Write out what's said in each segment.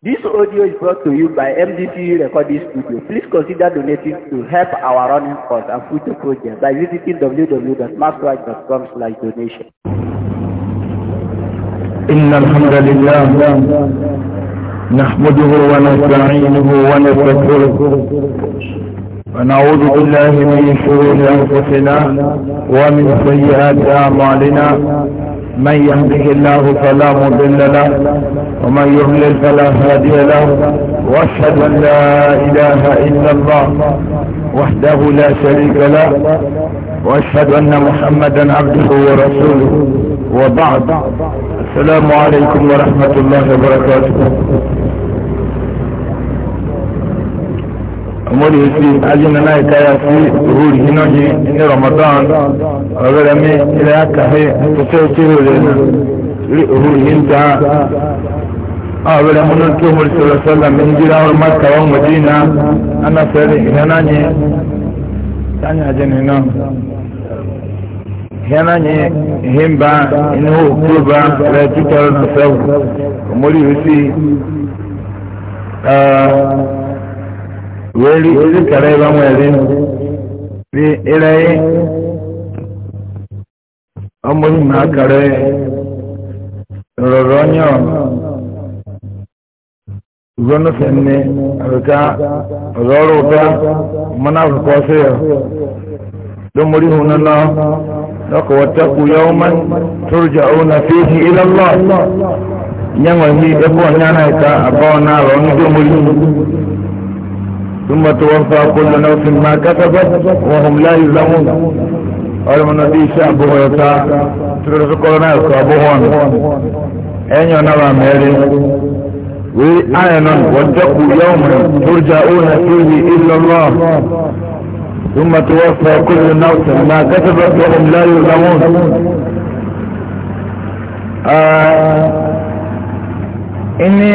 This audio is brought to you by MDCU Recording Studio. Please consider donating to help our running cause and future projects by visiting www.maxwatch.com slash donation. إن الحمد لله نحمده ونستعينه ونستغفره ونعوذ بالله من شرور أنفسنا ومن سيئات أعمالنا من يهده الله فلا مضل له ومن يضلل فلا هادي له واشهد ان لا اله الا الله وحده لا شريك له واشهد ان محمدا عبده ورسوله وبعد السلام عليكم ورحمه الله وبركاته ọmọdé sí ajínlẹ́lá ìkáyà sí òhúrì iná jí ní ramadan ọ̀rẹ́rẹ́ mi ilẹ̀ akàfẹ́ ìfẹ́ ìṣirò rẹ̀ rí òhúrì yìí ń ta ọ̀rẹ́rẹ́ mú ní tó mọ̀rí sọ̀rọ̀ sọ́lá mi ń jíra ọ̀rọ̀ máka wọn mọ̀dínà anáfẹ́rẹ́ ìhánányé sáyẹn ajínlẹ́ náà ìhánányé ìhínbá inú òkúrúbá rẹ̀ títọ́rọ̀ náà sẹ́wọ̀ ọmọdé yìí sí weli zikara iba mwezi bi ilai omuli nakare roronyo zono senne abika roro uta mana koseyo domuli hunana lako wataku yauman ụna fihi ila Allah nyango hii ebo nyana ita abona rondo muli ثم توفى كل نفس ما كسبت وهم لا يظلمون ọlọmọ náà bí iṣẹ àbúrò ẹka tìrọsí kọlọnà ẹkọ àbúrò ọnà ẹyìn ọ̀nà wà mẹ́rin wí àyànnà wọ́jọ́kù yọ̀ọ̀mù tójà òun ìlú ìlọ́lọ́ ثم توفى كل نفس ما كسبت وهم لا يظلمون إني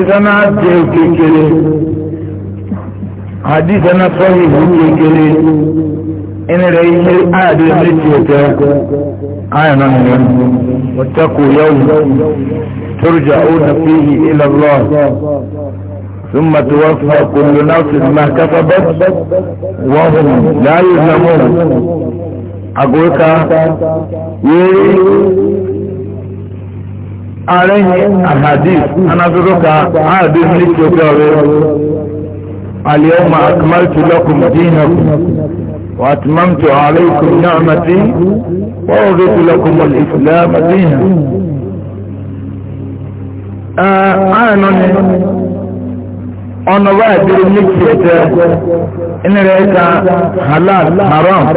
إذا ما أدعو كيكيري hadith na sahih wuce kere in rai shi aya da aya nan ne wattaku yawm turja'una fihi ila Allah ثم توفى كل نفس ما كسبت وهم لا يظلمون أقولك عليه الحديث أنا أقولك عادي من الشيطان اليوم أكملت لكم دينكم وأتممت عليكم نعمتي ورضيت لكم الإسلام دينا أنا أنا بعد المكسة إن رأيك حلال حرام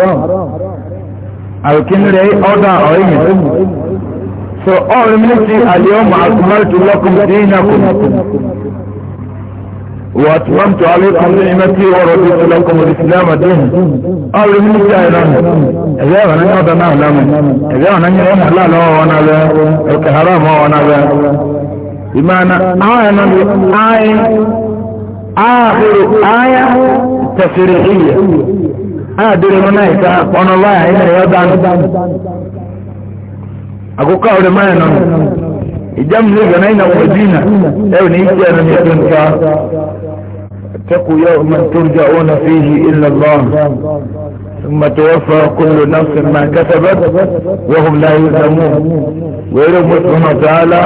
أو كن رأي أوضع أعين so all ministry اليوم أكملت لكم دينكم وأتممت عليكم نعمتي ورضيت لكم الإسلام دين أول من الجاهلان إذا أنا أنا أنا أعلم إذا أنا أنا لا لا وأنا لا الكهرام وأنا لا بمعنى أنا آية آخر آية تفريحية أدري من أيك أنا الله هنا يدعم أقول قول ما ينام ìjámi lè gbẹ̀nà na medina ẹ̀rùn ne yake ẹ̀rùn ìjẹ́ nǹka tẹ́kù yọ ọmọ tó jẹ́ ọwọ́ na fi yí ilẹ̀ lọ́n ثم توفى كل نفس ما كسبت وهم لا يظلمون ويرى سبحانه وتعالى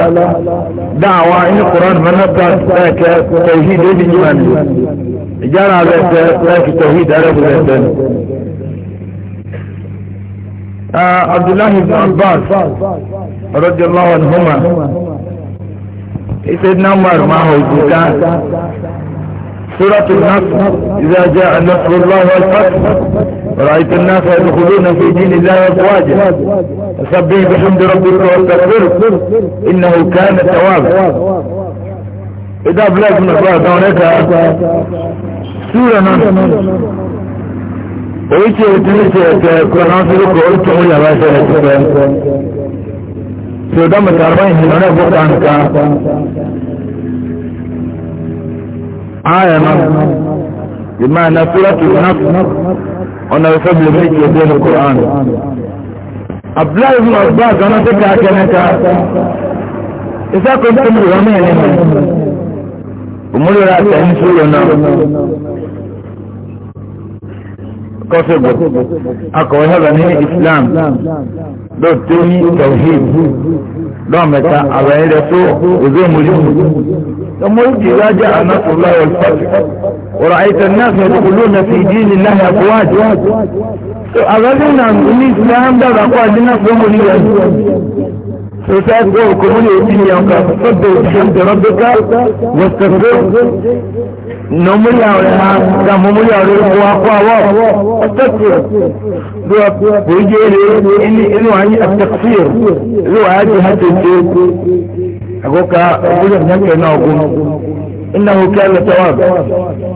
دعوة إن القرآن من نبتعد ذاك توحيد ابن جمال جرى ذاك توحيد عرب ذاك عبد الله بن عباس رضي الله عنهما سيدنا عمر معه الزكاة سورة النصر إذا جاء نصر الله والفتح ورأيت الناس يدخلون في دين الله أفواجا فسبح بحمد ربك واستغفره إنه كان توابا إذا بلاد من أخوات هناك سورة نصر ويتي وتنسي كرناصر ويتي ويتي ويتي ويتي to da mutarban shi ne bukan ka aya nan bima na suratul nas ona sabbi bi ke da alquran abdullahi ibn abbas ana take ake naka isa ko mutum ruwa ne ne umuru ra ta in sura nan kọ́sẹ̀gbò akọ̀wé hẹ́rọ ní islam ló tó ní tawhid lọ́mẹ̀ta àwọn ẹ̀rẹ́ tó òzó mùsùlùmí ọmọdé rájà anásùlá ọ̀lùfàtì ọ̀rọ̀ àìsàn náà fẹ́ olú na fi ìdí ní láhà kúwájú àwọn ẹ̀rẹ́ náà ní islam dára kó àdínà fún mùsùlùmí فسأقولكم اليوم فصدوا الحمد ربك واستغفر نمر يعولها كمم يعولها وقوى واستغفر ويجيلي إني إنو عن التقصير لو عادي هاتي أقولك أقول لك ناقوم إنه كان تواب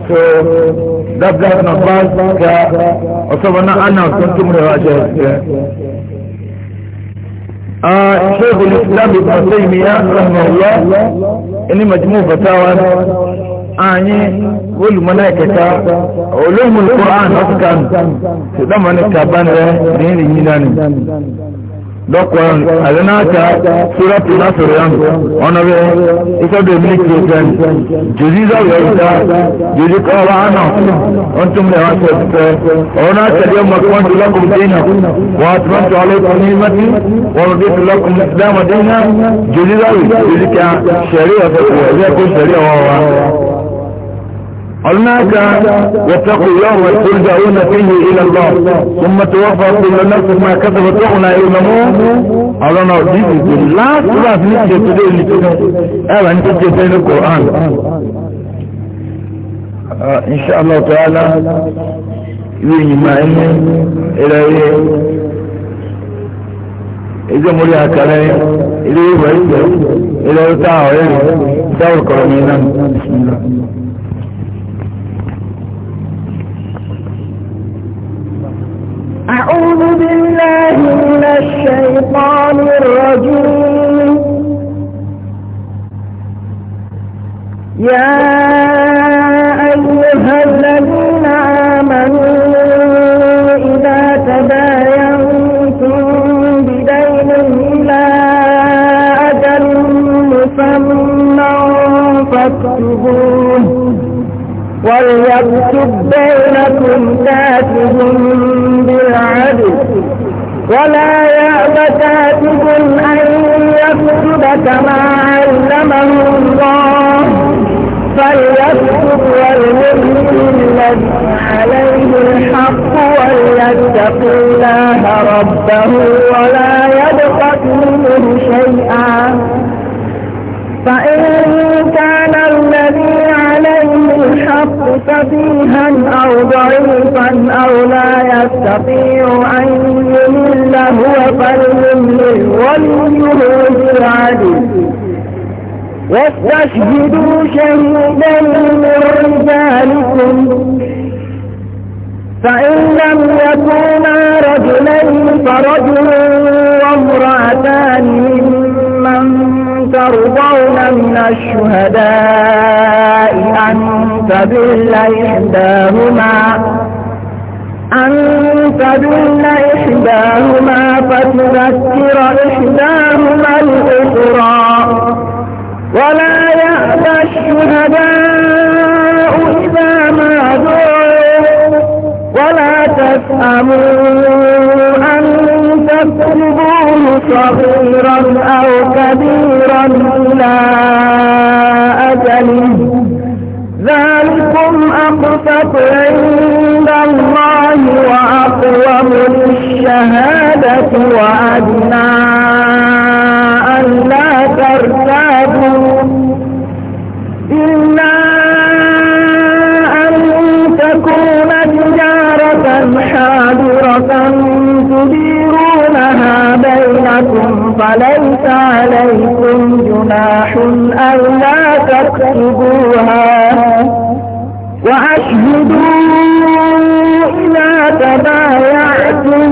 فدبلت نقاط كأصبنا أنا كنت مرهاجة شيخ الإسلام ابن تيمية رحمه الله إني مجموع فتاوى أني كل ملائكة علوم القرآن أفكار سدام أنا كابان رهين يناني dɔkɔn ale n'a ta sura tuna sɔrɔ yan ɔnɔ bɛ ikɔ bɛ mili kile fɛn joli dɔ bɛ ta joli kɔ b'a nɔ ɔn tun bɛ waati fɛ ɔn n'a ta diɛ ma kɔn tula kun den na wa tuma tɔ ale kun ni mati wɔn de tula kun dama den na joli dɔ bɛ joli kɛ sariya fɛ k'o yɛ ko sariya wa wa. هناك واتقوا يوما ترجعون فيه الى الله ثم توفى كل نفس ما كسبت وهنا يظلمون هذا نو دي لا تراث نيجي تدي اللي تدي ايوه انت تجي القران ان شاء الله تعالى يني ما الى إذا مريا كلام إذا يبغى إذا يتعاون إذا يقرأ بسم الله أعوذ بالله من الشيطان الرجيم يا أيها الذين آمنوا إذا تباينتم بدين إلى أجل مسمى فاكتبوه وليكتب بينكم كاتب بالعدل ولا يأبى كاتب أن يكتب كما علمه الله فليكتب والمؤمن الذي عليه الحق وليتق الله ربه ولا يبقى منه شيئا فإن ربك فيها أو ضعيفا أو لا يستطيع أن يمل هو فليمل وليه بالعدل واستشهدوا شهيدا من رجالكم فإن لم يكونا رجلين فرجل وامرأتان ممن ترضون من الشهداء أن تضل إحداهما أن إحداهما فتذكر إحداهما الأخرى ولا يأبى الشهداء إذا ما دعوا ولا تسأموا أن تكتبوه صغيرا أو كبيرا إلى أقسط عند الله وأقوم للشهادة وأدنى ألا ترتابوا إلا أن تكون تجارة حاضرة تديرونها بينكم فليس عليكم جناح ألا تكتبوها وأشهدوا إلى تبايعكم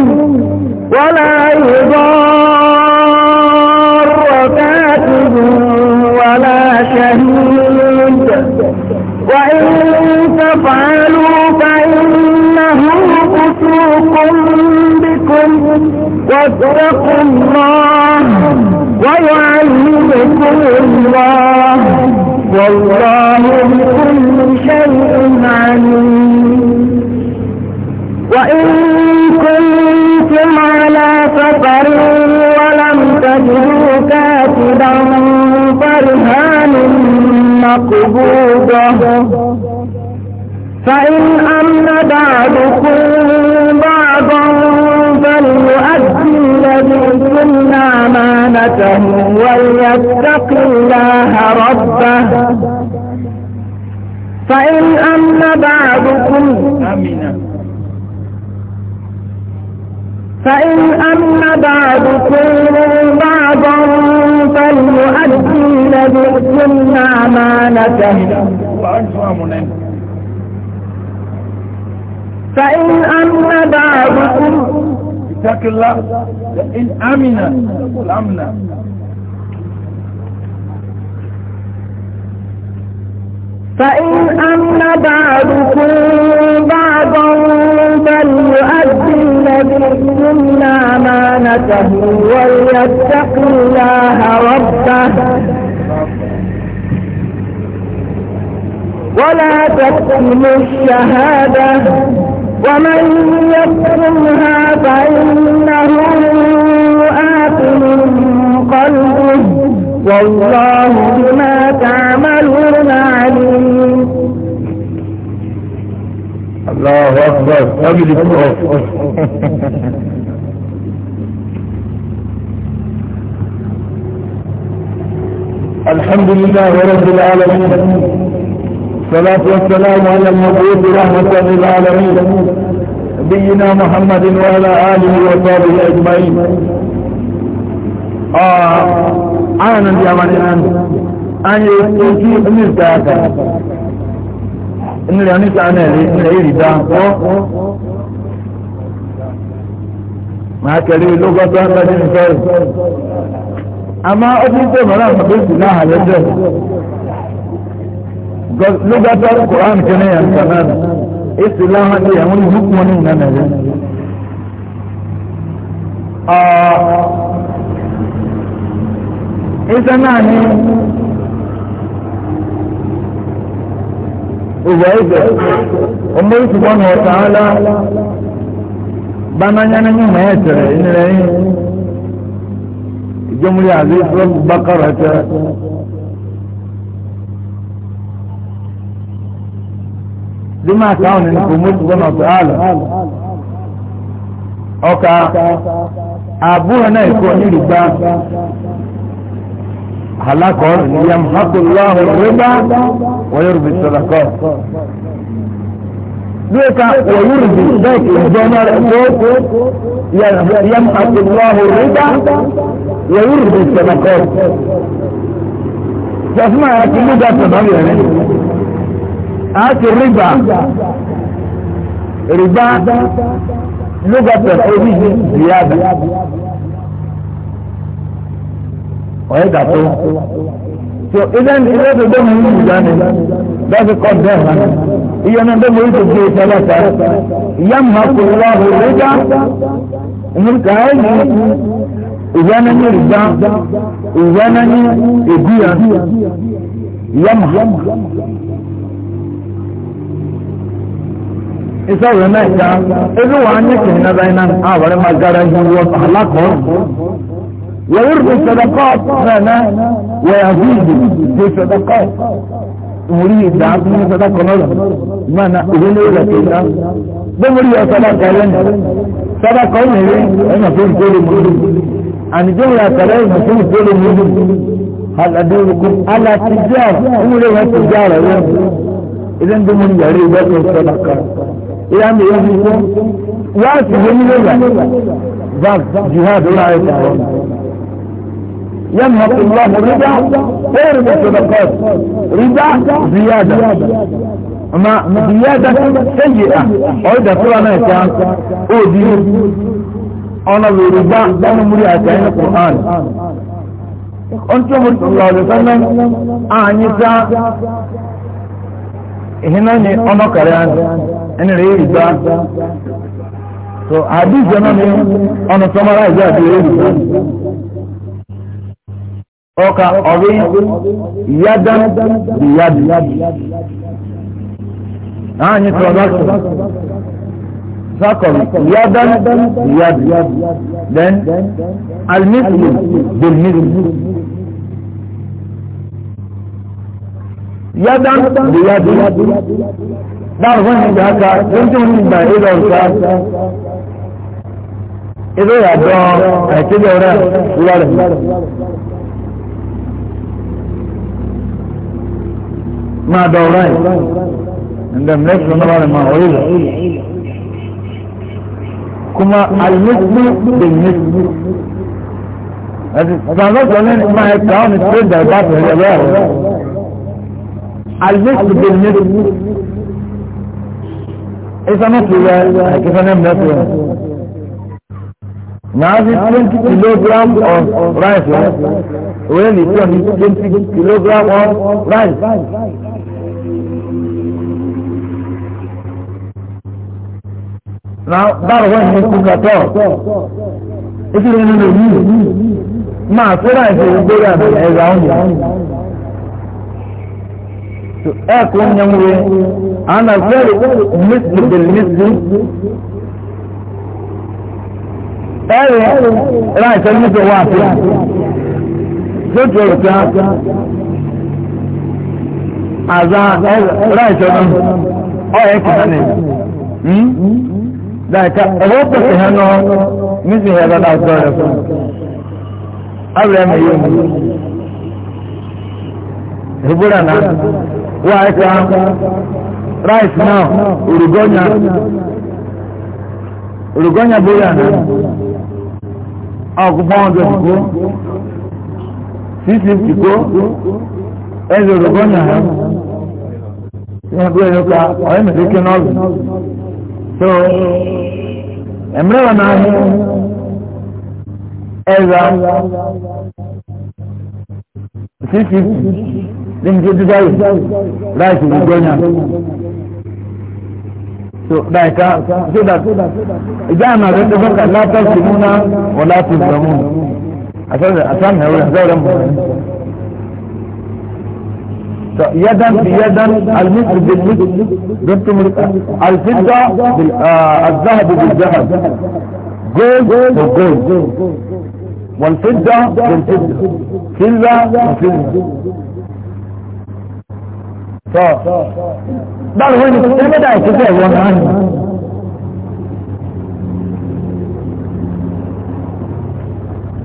ولا يضار كاتب ولا شهيد وإن تفعلوا فإنه فسوق بكم واتقوا الله ويعلمكم الله والله بكم وإن كنتم على سفر ولم تجدوا كاتبا فرهان مقبوضة فإن أمن بعضكم بعضا فليؤدي الذي كنا أمانته وليتق الله ربه فإن أمن بعضكم فإن أمن بعضكم بعضا فليؤدي لبئتم أمانته فإن أمن بعضكم اتق الله فإن أمن الأمن فإن أمن بعضكم بعضا فليؤدي الذي يمنى أمانته وليتق الله ربه ولا تكتموا الشهادة ومن يكتمها فإنه آثم قلبه والله بما تعملون الله أكبر قبل الكفر الحمد لله رب العالمين الصلاة والسلام على المبعوث رحمة للعالمين نبينا محمد وعلى آله وصحبه أجمعين آه أنا من أمان anyị otu ndị nke aka nne ya nịka a na-eri nne iriba ọ ma kere lọgọta mmadụ nke ọrụ ama ọdị ndị mara mmadụ si na ahalị ndị lọgọta kuran kene ya nka na esi ha ndị ya nwere ihu kwuo n'ihi na na-ere naanị ìwà ìgbẹ́ ọmọ ìtùbọ̀ ní ọ̀tá ńlá bánányá ní mímọ̀ ẹ̀ tẹ̀rẹ̀ ìnira yín ìjọmúlẹ̀ àti ìfúrọ́pù bákàrà tẹ. Dima káwọn ní kò mú ìtùbọ̀ ní ala ọkà àbúrò náà ìkọ́ nílùú halakọ̀ yamhakullahu riba wọ́yọ̀rùbí sọ̀dọ̀kọ̀. Bíi ka wọ́yọ̀rùbí bẹ́ẹ̀kì ìjọba rẹ̀ tó yamhakullahu riba wọ́yọ̀rùbí sọ̀dọ̀kọ̀. Jọ̀sùmá yà ti lúgà sọ̀dọ̀ yẹn. A ti riba riba lúgà sọ̀dọ̀ orí ziyada ọ̀yẹ́ dàtó so ilé ilé tó dé mi ní ìjà ni lọ́sí kọ́ bẹ́ẹ̀ hàn iye náà dé mi ní ìtòkè ìtẹ́lẹ̀ta ìyá mi máa kó lọ́wọ́ ìrẹ́jà ìmúlùkà ẹ̀ ní ìyá náà ní ìjà ìyá náà ní ìbíyà ìyá mi. Isa wẹ̀ mẹ́ta, ebi wàá nyẹ́ kìnnìkan báyìí náà, àwọn ọ̀rẹ́ máa gara ju wọ́n alákọ̀ọ́. ويرضي الصدقات فانا ويزيد في الصدقات مريد عبد من صدقه نظر ما انا اقول لك كده ده مريد صدقه لنا صدقه هنا انا في كل مريد عن جمله كلام في كل مريد هل ادلكم على التجاره هو له التجاره اذا ده مريد يريد الصدقه الى ان يريد واسع جميل الله ذات جهاد الله يتعاون يمحق الله الربا ويربي الصدقات ربا زيادة أما زيادة سيئة أريد أقول أنا كان أودي أنا الربا أنا مريعة عين القرآن أنتم صلى الله عليه وسلم أعنيسا هنا ني أنا كريان أنا ريبا so hadith jana ne on summarize that ọka ọ̀rí yádán bí yádì láàrin transaction sakọ̀rì yádán bí yádì then alimislu bilmislu yádán bí yádì dáhùn fún ìgbà aka tuntun ní ìgbà ìlọ ọ̀sá ilé ìyàdọ̀ àìkéjọ rẹ̀ wúlọ̀ máa dọ̀ ọ̀rọ̀ yìí ǹdẹ̀m lẹ́kùn náà rẹ̀ máa ọ̀rẹ́ rẹ̀ kuma alimẹ́sìmẹ́ bẹ̀yẹ́sìmẹ́ ẹ̀sì ìgbàlọ́sọ̀ ní máa ẹ̀ka ọ̀nà tó ń dàgbà pẹ̀lú ẹ̀rọ ẹ̀rọ alimẹ́sìmẹ́ bẹ̀yẹ́sìmẹ́ ìsọmọ́sọ̀ rẹ̀ ẹ̀kẹ́fẹ́ náà mẹ́sìmẹ́ Now this kilogram of rice, right? Eh? When it's on his 20 kilogram of rice. Now that when he took at all, if you don't know you, ma, so rice is bigger than around you. So, air kun yang we, and a very misleading, misleading, ẹ̀rẹ̀ ra ìṣẹ́jú nípa wà fún un lójú ọ̀rọ̀ tí a àza ra ìṣẹ́jú ọ̀rẹ́ kìí nì dàkà ẹ̀rọ hmm? pèsè hàn náà níbi ìhẹ́ dáadáa ọ̀dọ́ rẹ̀ fún un abúlé mi yé mi ìbúra náà wà ẹ̀ka rice náà òrùgọ́nyà òrùgọ́nyà bóyá náà ọgbọ́n ọdún kó six fifty kó ẹ̀rọ ọgbọ́n náà ẹ̀ bí ẹ̀rọ ká ọ̀rẹ́ mi lékè náà lù so ẹ̀mìrẹ́wà náà ní ẹ̀rọ six fifty ní ní tó dídáyò láìsí ìgbọ́nyà. ذلك كده جامع بيتفق لا تظلمون ولا تظلمون عشان عشان هو يحذر يدا بيدا المثل بالمثل بنت الفضة آه، الذهب بالذهب جولد بالجولد والفضة بالفضة فضة وفضة طيب. بعضهم يقول ماذا يتجاه ومعنى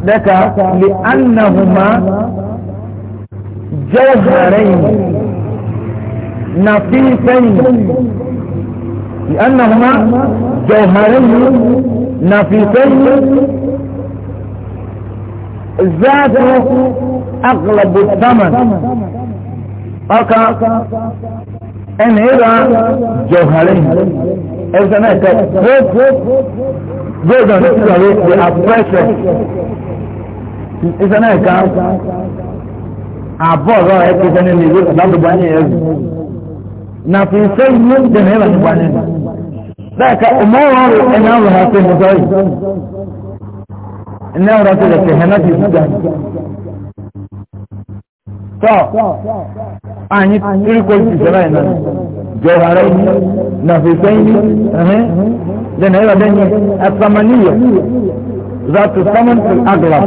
لك لأنهما جوهرين نفيسين لأنهما جوهرين نفيسين ذات أغلب الثمن ẹnì ìlà jọ̀hálẹ̀ ẹ̀sẹ̀ náà tẹ̀ fúfú gbọ́dọ̀ ní sísọ̀rọ̀ the oppression ẹ̀sẹ̀ náà ká àbọ̀ ọ̀rọ̀ ẹ̀ kẹsẹ̀ nínú ìlú ìlàlùbọ̀ ní ẹ̀rù na fi ṣe ìlú ìdènà ìlà nípa nínú bẹ́ẹ̀ka ọmọọ̀rọ̀ rẹ̀ ẹ̀nà ọ̀rọ̀ ha ṣe mọ̀tọ́ yìí ẹ̀nà ọ̀rọ̀ ṣe lẹ̀ kẹ̀hẹ́ náà ti tọ́ àyín tíríkọ́lù ìjọba ìlànà jọra rẹ̀ yìí nàfẹ̀fẹ́ yìí lẹ́nà ẹ̀rọ lẹ́yìn asamaniya zatu saman fi agla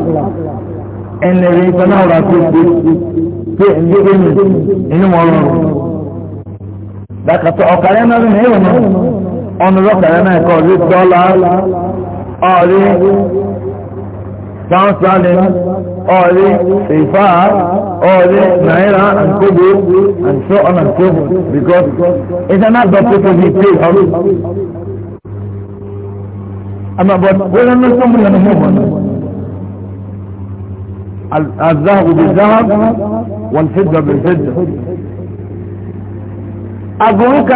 ẹnlẹ́rẹ́ ìtọ́nà ọ̀rọ̀ àti ìgbé pé ẹ̀yẹ́ ẹ̀yìn inú mọ̀ ọ̀rọ̀ dàkàtọ̀ ọ̀kàrẹ́ náà lẹ́nà ẹ̀rọ náà ọ̀nà lọ́kàrẹ́ náà kọ̀ rí dọ́là ọ̀rí sáwọn sáà lẹ́nu ọ̀rí ṣèfà ọ̀rí náírà and kobo and so on and so forth because it's an adult people we pay ọ̀rí. أما بس وين الناس من المهم الذهب بالذهب والفضة بالفضة أقولك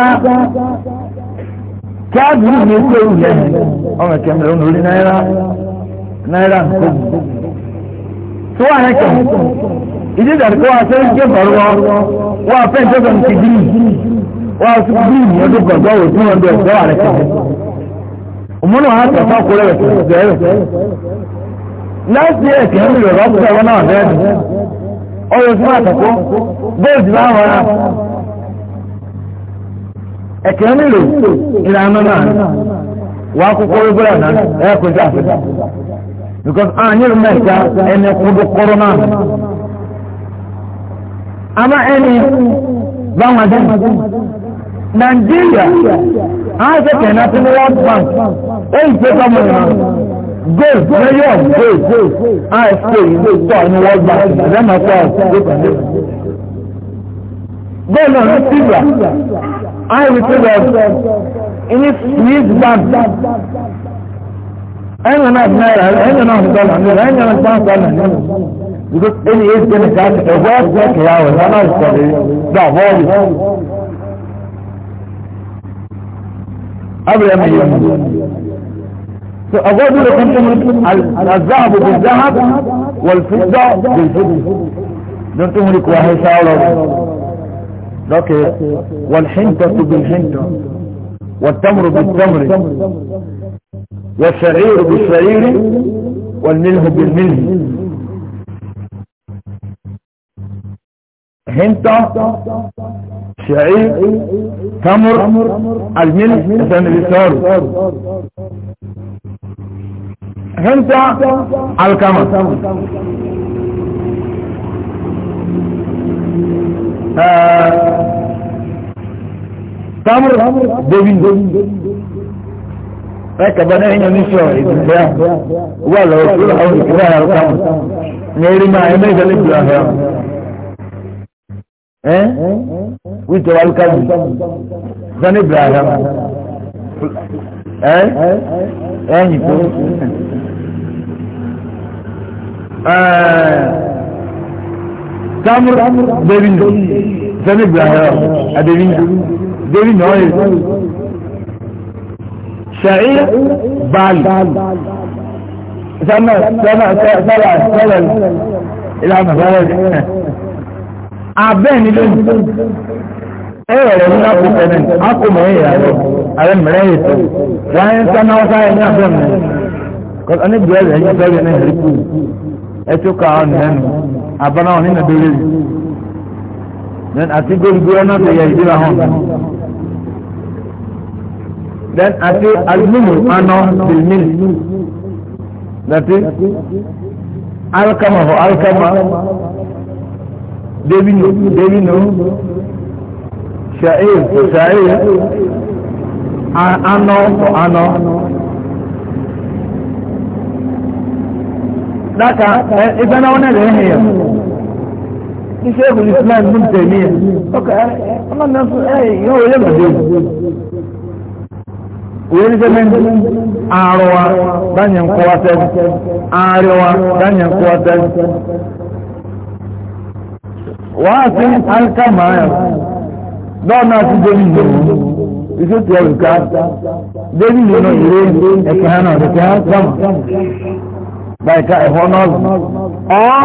كاد يجي يقول لي أما كم لون نايرة نايرة كوب tó wà hẹ́kàn ìdí ìdàrí kó wà sẹ́yìn jẹ́ bọ̀rọ̀ wà fẹ́ ìjọba ní ti gírì wà sí gírì ní because a nyere mmeka ɛnɛ kodo koro na ama ɛni bangladesh nigeria a sɛ kɛnɛ ti ni world bank ɛyi e sɛ kɔmu na gold lɛyi of gold a sɛ yi ni tɔ ni world bank ɛdɛ e ma tɔ gold na ni silver a yi e ni silver ɛni swiss bank. أين أنا أبناء أين أنا أفضل عمير أين أنا أفضل عمير يقول إني إيه كنا كانت عباد ذاك يا ولد أنا أفضل لا غالي قبل أن يوم فأبواب لكم الذهب بالذهب والفضة بالفضة انتم تملك وهي شاورة لكن والحنطة بالحنطة والتمر بالتمر والشعير بالشعير والملح بالملح هنت شعير تمر الملح عشان الإسار هنت الكمر آه، تمر دبي ẹ̀kẹ̀bọ̀ náà yẹn ní sọ ìdìbẹ́ wà lọ́wọ́ tó lọ́wọ́ ìdìbẹ́ ara ọ̀tá wọn ní erí máa ẹ̀mẹ́ ìdọ́lẹ̀ jù ọ̀hẹ́ ọ̀ ẹ́ wíjọ wà lùkà jù sani ibrahim ẹ́ ẹ̀yìn tó samur devindo sani ibrahim adévindo devindo ọ̀hẹ́. شعير بالي سمع سمع سمع سمع الى مفرد عباني لن ايه لن اقو كمان اقو ما هي على الملايس لا ينسان وصايا ان احضرنا قال انا بجال هي بجال انا هريكو اتوقع عن هنو عبانا هنا دولي لن اتقول بيانا تيجي لها هون then ati almumu ano bil mil alkama ho alkama devino devino sha'ir anọ sha'ir ano to ano daka ibana wana lehe ya ni shehu islam mun taymiya okay ana eh, nasu wọ́n ní àrọwà dáyẹ̀ ń kọwa tẹ́lú àrẹwà dáyẹ̀ ń kọwa tẹ́lú wọ́n àti alkama ẹ̀ lọ́nà ti dé nìyẹ̀ wọ́n iṣẹ́ tí ẹ̀rù ká dé nìyẹ̀ náà ìrẹ́ ẹ̀kẹ́ hàn náà ẹ̀kẹ́ hàn sáàmù báyìí ká ẹ̀họ́ náà ọ́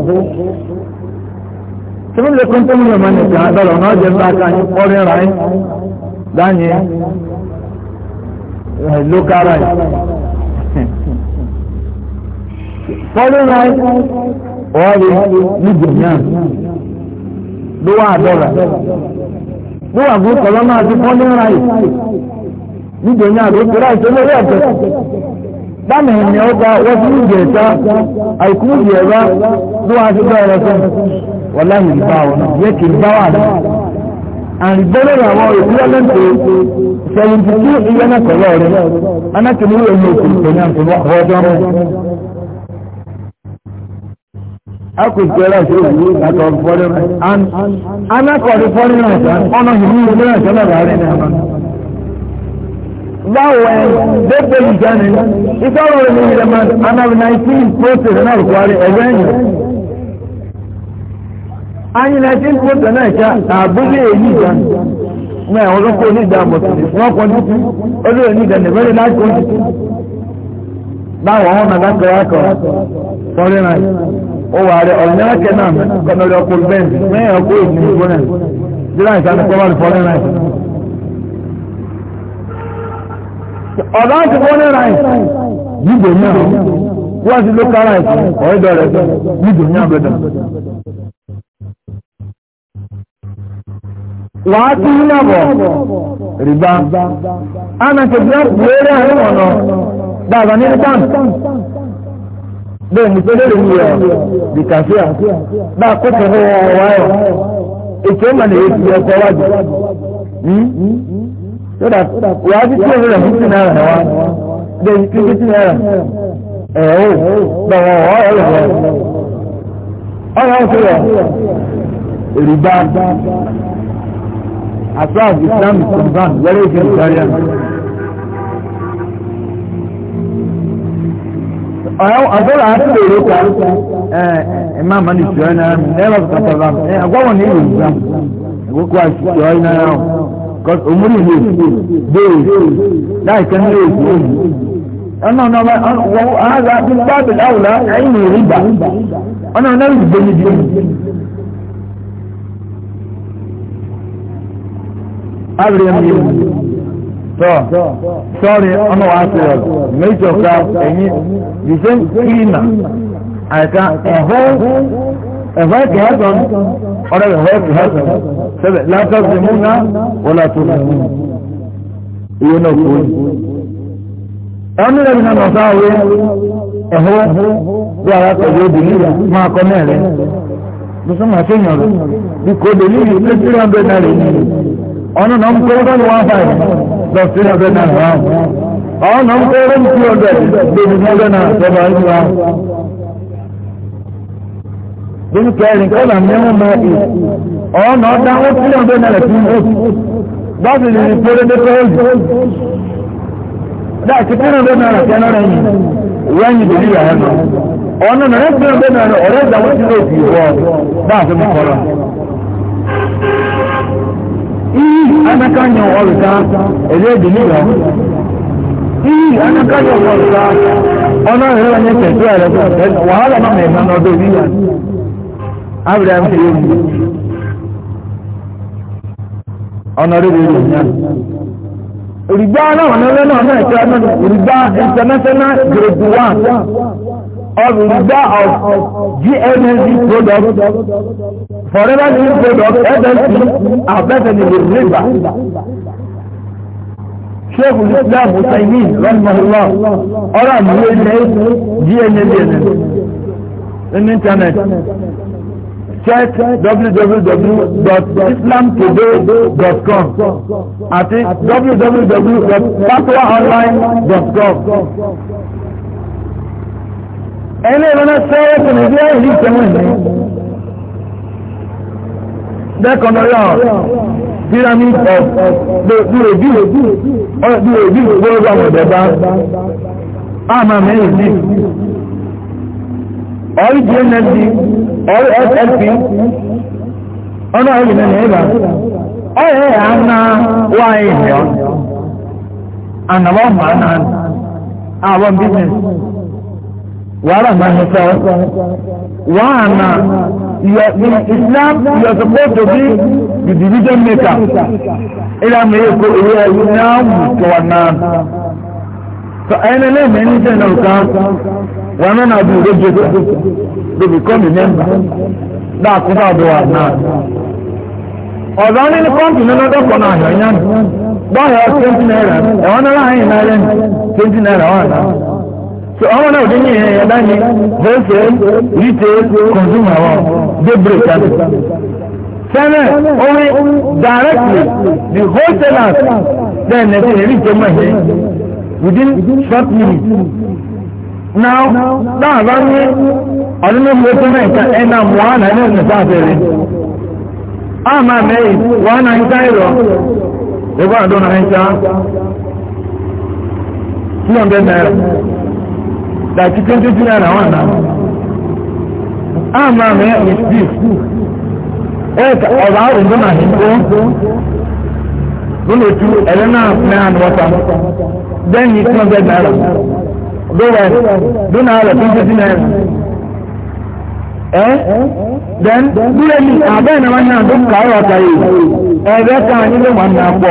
ọ̀nà tí wọ́n lè kún tó ń lè máa nìkan àdọ́rọ̀ náà jẹ́ bá ká yín kọ́ rírà yín láyé local right foreign right ọ̀rẹ́ níbi náà ló wà àdọ́rà bó wà fún kọ́lọ́ máa ti foreign right níbi náà ló kúrò àìsí olórí ọ̀tọ̀ dáàmì ìrìn ọgbà wọ́n ti ń wọláhì ìbá ọ̀nà yẹ kì í bá wà náà àrìgbẹ́rẹ́ àwọn ìfúyọ́lẹ́ǹtì seventy two ìyẹn akọ̀rọ̀ rẹ̀ anákìlú ẹ̀yìn òkú ìpẹ̀lú àǹtọ̀nù ọjọ́ rẹ̀. akùnkẹ́rẹ́ àṣírí àtọ̀ fọ́lẹ́ rẹ̀ anákọ̀rẹ́ fọ́lẹ́ rẹ̀ ọ̀nà ìlú ìlú rẹ̀ sọ́lá rẹ̀ rẹ̀ báwo ẹ dẹ́gbẹ́ ìjánu ìtọ́rọ̀ rẹ̀ ní ìrẹ̀mọ̀ anáwó nineteen protein náà kọ́ ẹ̀rẹ́ ẹ̀yìn. anyị na-eche mkpọta na abụghị enyi ga mgbe ọzọkwa onye ga agbọtụrụ nwa kwọdịtụ onye onye ga na-ebere n'aka ojiji dáwọ̀ na dákọ̀ọ́ akọ̀ sọ́rí náà na wà rẹ̀ ọ̀nyára kẹ́ náà kọ́nọ̀rẹ́ ọkọ̀ bẹ́ẹ̀ni mẹ́yìn ọkọ̀ èyí na gbọ́nà jíra ìsàlẹ̀ kọ́ wàlú fọ́rí náà. ọ̀dọ́ àti fọ́rí náà yíjọ náà wọ́n ti ló wàá tún ní àbọ̀ rìbá ana kejì lórí àwọn ọ̀nà dàgbà ní tán bẹ́ẹ̀ nìkan lórí mi ọ̀ bá a kókò fún wọn wá ẹ̀ ètò ìmọ̀ nìyẹn ti ọkọ̀ wájú wàá ti tún ìrìnà fífi náírà náà wá bẹ́ẹ̀ ní fífi náírà ẹ̀ ó bẹ̀rẹ̀ ọ̀ ọ̀ ọ̀ ọ̀ ọ̀ ọ̀ ọ̀ ọ̀ as far as Islam is concerned, whether it is Sharia. Àbúrò àti èrò ká ẹ̀má mani ṣọ́ iná mi ẹ̀rọ kàtà bá mi àgbọ̀wọ̀n ní ìlú ìgbà ìgbókò àṣìṣọ́ iná náà kọ́ òmúrì ìlú bẹ́ẹ̀ láìpẹ́ ní èkó ọ̀nà ọ̀nà ọ̀nà ọ̀nà ọ̀nà ọ̀nà ọ̀nà ọ̀nà ọ̀nà ọ̀nà ọ̀nà ọ̀nà ọ̀nà ọ̀nà ọ̀nà ọ̀nà ọ̀nà abiremi tọ sọrọ ọnụ wa asị ọrụ mejọ ka enyi the same cleana aka ẹhọ ẹhọ ẹkẹ hẹsọn ọrẹ ẹhọ ẹkẹ hẹsọn sẹbẹ látọsí mú náà wọlá tó nà mú iye náà kú ni ẹnu rẹ bi na nọ sáà wé ẹhọ bí ara tọjú obìnrin máa kọ mẹrin lọsọ máa ṣe yàn rẹ bí kò dé ní ìlú ọ̀nà náà ń kóró bá ní one five lọ sí ẹgbẹ́ náà rán ọ̀nà náà ń kóró ní two hundred lórí ní ẹgbẹ́ náà sọ̀rọ̀ ayé rán. Bíní kẹrin kọ́là mẹ́wọ́n máa dì ọ̀nà ọ̀dá ó three hundred naira sí oṣù báṣì lè ní kóró dé kóró jù. Dáà sí three hundred naira kẹ́nà rẹ̀ yìí wẹ́yìn lórí yàrá ọ̀nà náà three hundred naira ọ̀rẹ́ ìdáwọ́ sí lóògì ìwọ́ báà fẹ́ mi kọ́ra anaka nyɛ ɔrika ɛdi ɛdi nira ii anaka nyɛ ɔrika ɔna yɛrɛ la nyɛ kɛntɛ yɛrɛ fɛ wahala ma mɛ nana ɔdɔ bi yan abiri ayi kele mu ɔnɔri bi yɛ nya olùgbà náà wọn lọ náà náà ìtura náà olùgbà international grade one olùgbà of gmsd product forever new product FMC affected the river. Sheikh Islam Hussaini Rahmanullah ọ̀rọ̀ àmúlò ilẹ̀ GNLN in internet check www.islamtoday.com àti www.fatwaonline.com ẹni ìrànlọ́sọ̀rọ̀ tó ní bí ẹ̀yìn ìjẹun ìlú dẹ́kọ̀nọ́yà pyramid of the rebi the rebi program ọ̀dẹ̀bá àmà mẹ́rin sí all gnld all ssp ọ̀nà ẹ̀yìn mẹ́rin ẹ̀bà ọ̀yẹ̀ àná wà ẹ̀yìn ọ̀ ànàmọ́ mọ̀ àná àwọn business wàhálà máa ń sọ wàhálà Islam, you are supposed to be the division maker. Ilé àmì yìí kó ìwé ẹ̀rú náà wù tó wà náà. So ẹni lẹ́nu ẹni tẹ̀ náà kan, wọn náà bí ìwé jẹ́sẹ̀ to become a member. Náà kó bá àdó wà náà. Ọ̀dọ́ ní kọ́ǹtì nínú dọ́kọ̀ náà yàn yàn. Bọ́ọ̀yọ̀ twenty naira, ẹ̀wọ̀n náírà yìí náírà twenty naira wà náà so àwọn náà dín ní ẹ̀yẹ dání vẹ́sẹ̀ retail consumer wọn dé break àti sẹ́nẹ̀ orí directly the wholesalers then ẹ̀ ti rí ìjọba yẹn within short minutes now náà bá ní ọdún mẹ́fọ́ tó náà ìka ẹ̀ náà mọ́ àná ẹ̀ náà sáà fẹ́rẹ́ àmà mẹ́yìn wọ́n náà ń ká ìrọ̀ ẹ̀gbọ́n àdó náà ń ká 200 naira. da cikin jirgin yana wannan amma mai misbih eh ka ọba ọrùn dọ́nà nìkó lónà ojú ẹ̀rẹ́ náà náà ní wọ́ta bẹ́ẹ̀ni tí wọ́n bẹ́ẹ̀ náírà lówẹ̀ lónà rẹ̀ tó ń tẹ́sí náírà ẹ́ then bílẹ̀ mi àbẹ́ ìnáwó náà ndụ ń kàárọ̀ ọ̀tá yìí ẹ̀rẹ́ ká nílé wà ní àpò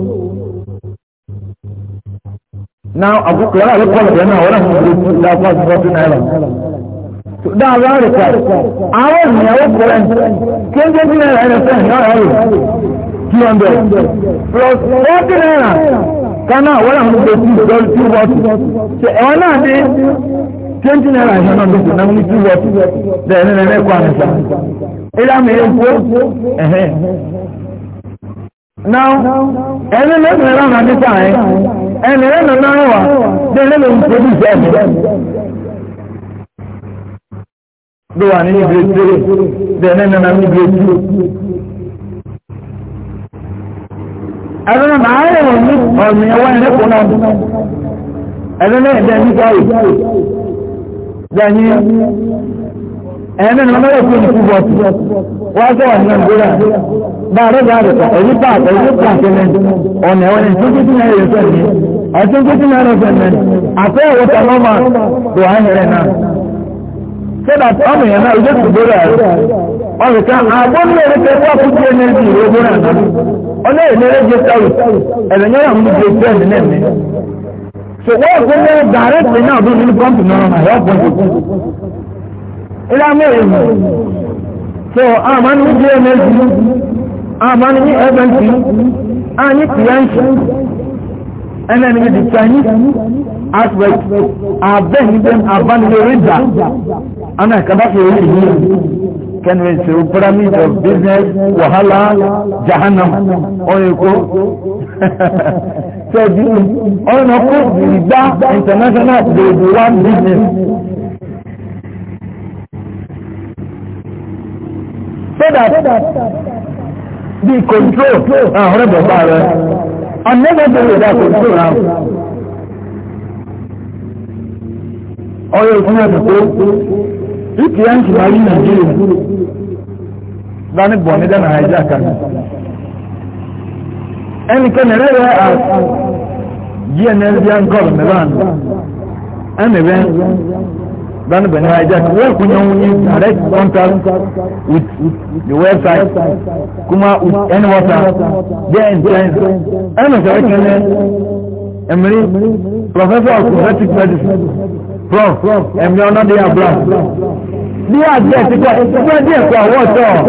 now àkókò yàrá rẹ kọlọ bẹẹ náà wọn àwọn ọmọdé fún ìdáwọ àti fọtí náírà dáa wọn rẹ kọ àwọn ènìyàn ó kọrẹ kéńté bí náírà rẹ fẹ náà rẹ two hundred plus forty náírà kanáà wọn àwọn ọmọdé fún ìdọ́rí two forty ṣe ẹ̀wọ̀n náà dé twenty náírà yẹn náà lóṣù náà ní two forty bẹ́ẹ̀ ní ẹ̀rẹ́ kọ́ àmì sáà ìlànà èkó now ẹni lẹ́sìn ẹ̀rọ àwọn àdìsá yẹn. ẹnì rẹ nọ náà wà dé lẹ́nu ìṣèlú ìṣẹ́mi ló wà ní ibi ìṣeré dẹ̀ẹ́nẹ́ nana ní ibi ìṣeré. ẹ̀rọ náà ayé wọn ní ọ̀nà ẹ̀wọ́ ẹ̀rẹ́ kò náà ẹ̀rọ náà ẹ̀ẹ́nì ni wọ́n mẹ́rẹ̀ fún ìkú bọ̀ sí wọ́n á sọ̀rọ̀ nínú ìgbéra bá a rẹ́gbà rẹ̀ èyí bá àtọ̀ bá àtẹ̀mẹ́ ọ̀nà ẹ̀wọ̀n tuntun fẹ́ fẹ́ tó náà. sọ́dà ọmọ yẹn náà rẹ̀ jẹ́ ilé amú èyí so àmàní ní gms àmàní ní fnc àní pnc ẹnẹni ní the chinese aspect abẹ́nibẹ́ abánilẹ̀ rìjà ana kàdáfì orí yìí kẹ́nìyàn ṣe o pyramid of business wàhálà jahannam ọ̀yẹ̀kọ́ ṣẹ́bi ọ̀nà kó ìgbà international gbogbo one business. so that the control ọ̀rẹ́ bọ̀bá rẹ̀ unnecessary that control now. ọ̀rẹ́ ìfúnná ti pé ìkì ẹ̀ ń ṣùgbọ́n ayé nàìjíríà dání bọ̀ ní dáná àìjá kan ẹnikẹ́ni rẹ̀ rẹ̀ as gnl government ẹnìyẹn. Then when I just work when you direct contact with, with the website, Kuma with any water, There then I'm a director, Emily, professor of cosmetic medicine, Prof. Emily Onadia Brown. Bí wàá díẹ̀ ti kọ́, ìgbà díẹ̀ kọ́ àwọ̀ ọ̀tọ̀,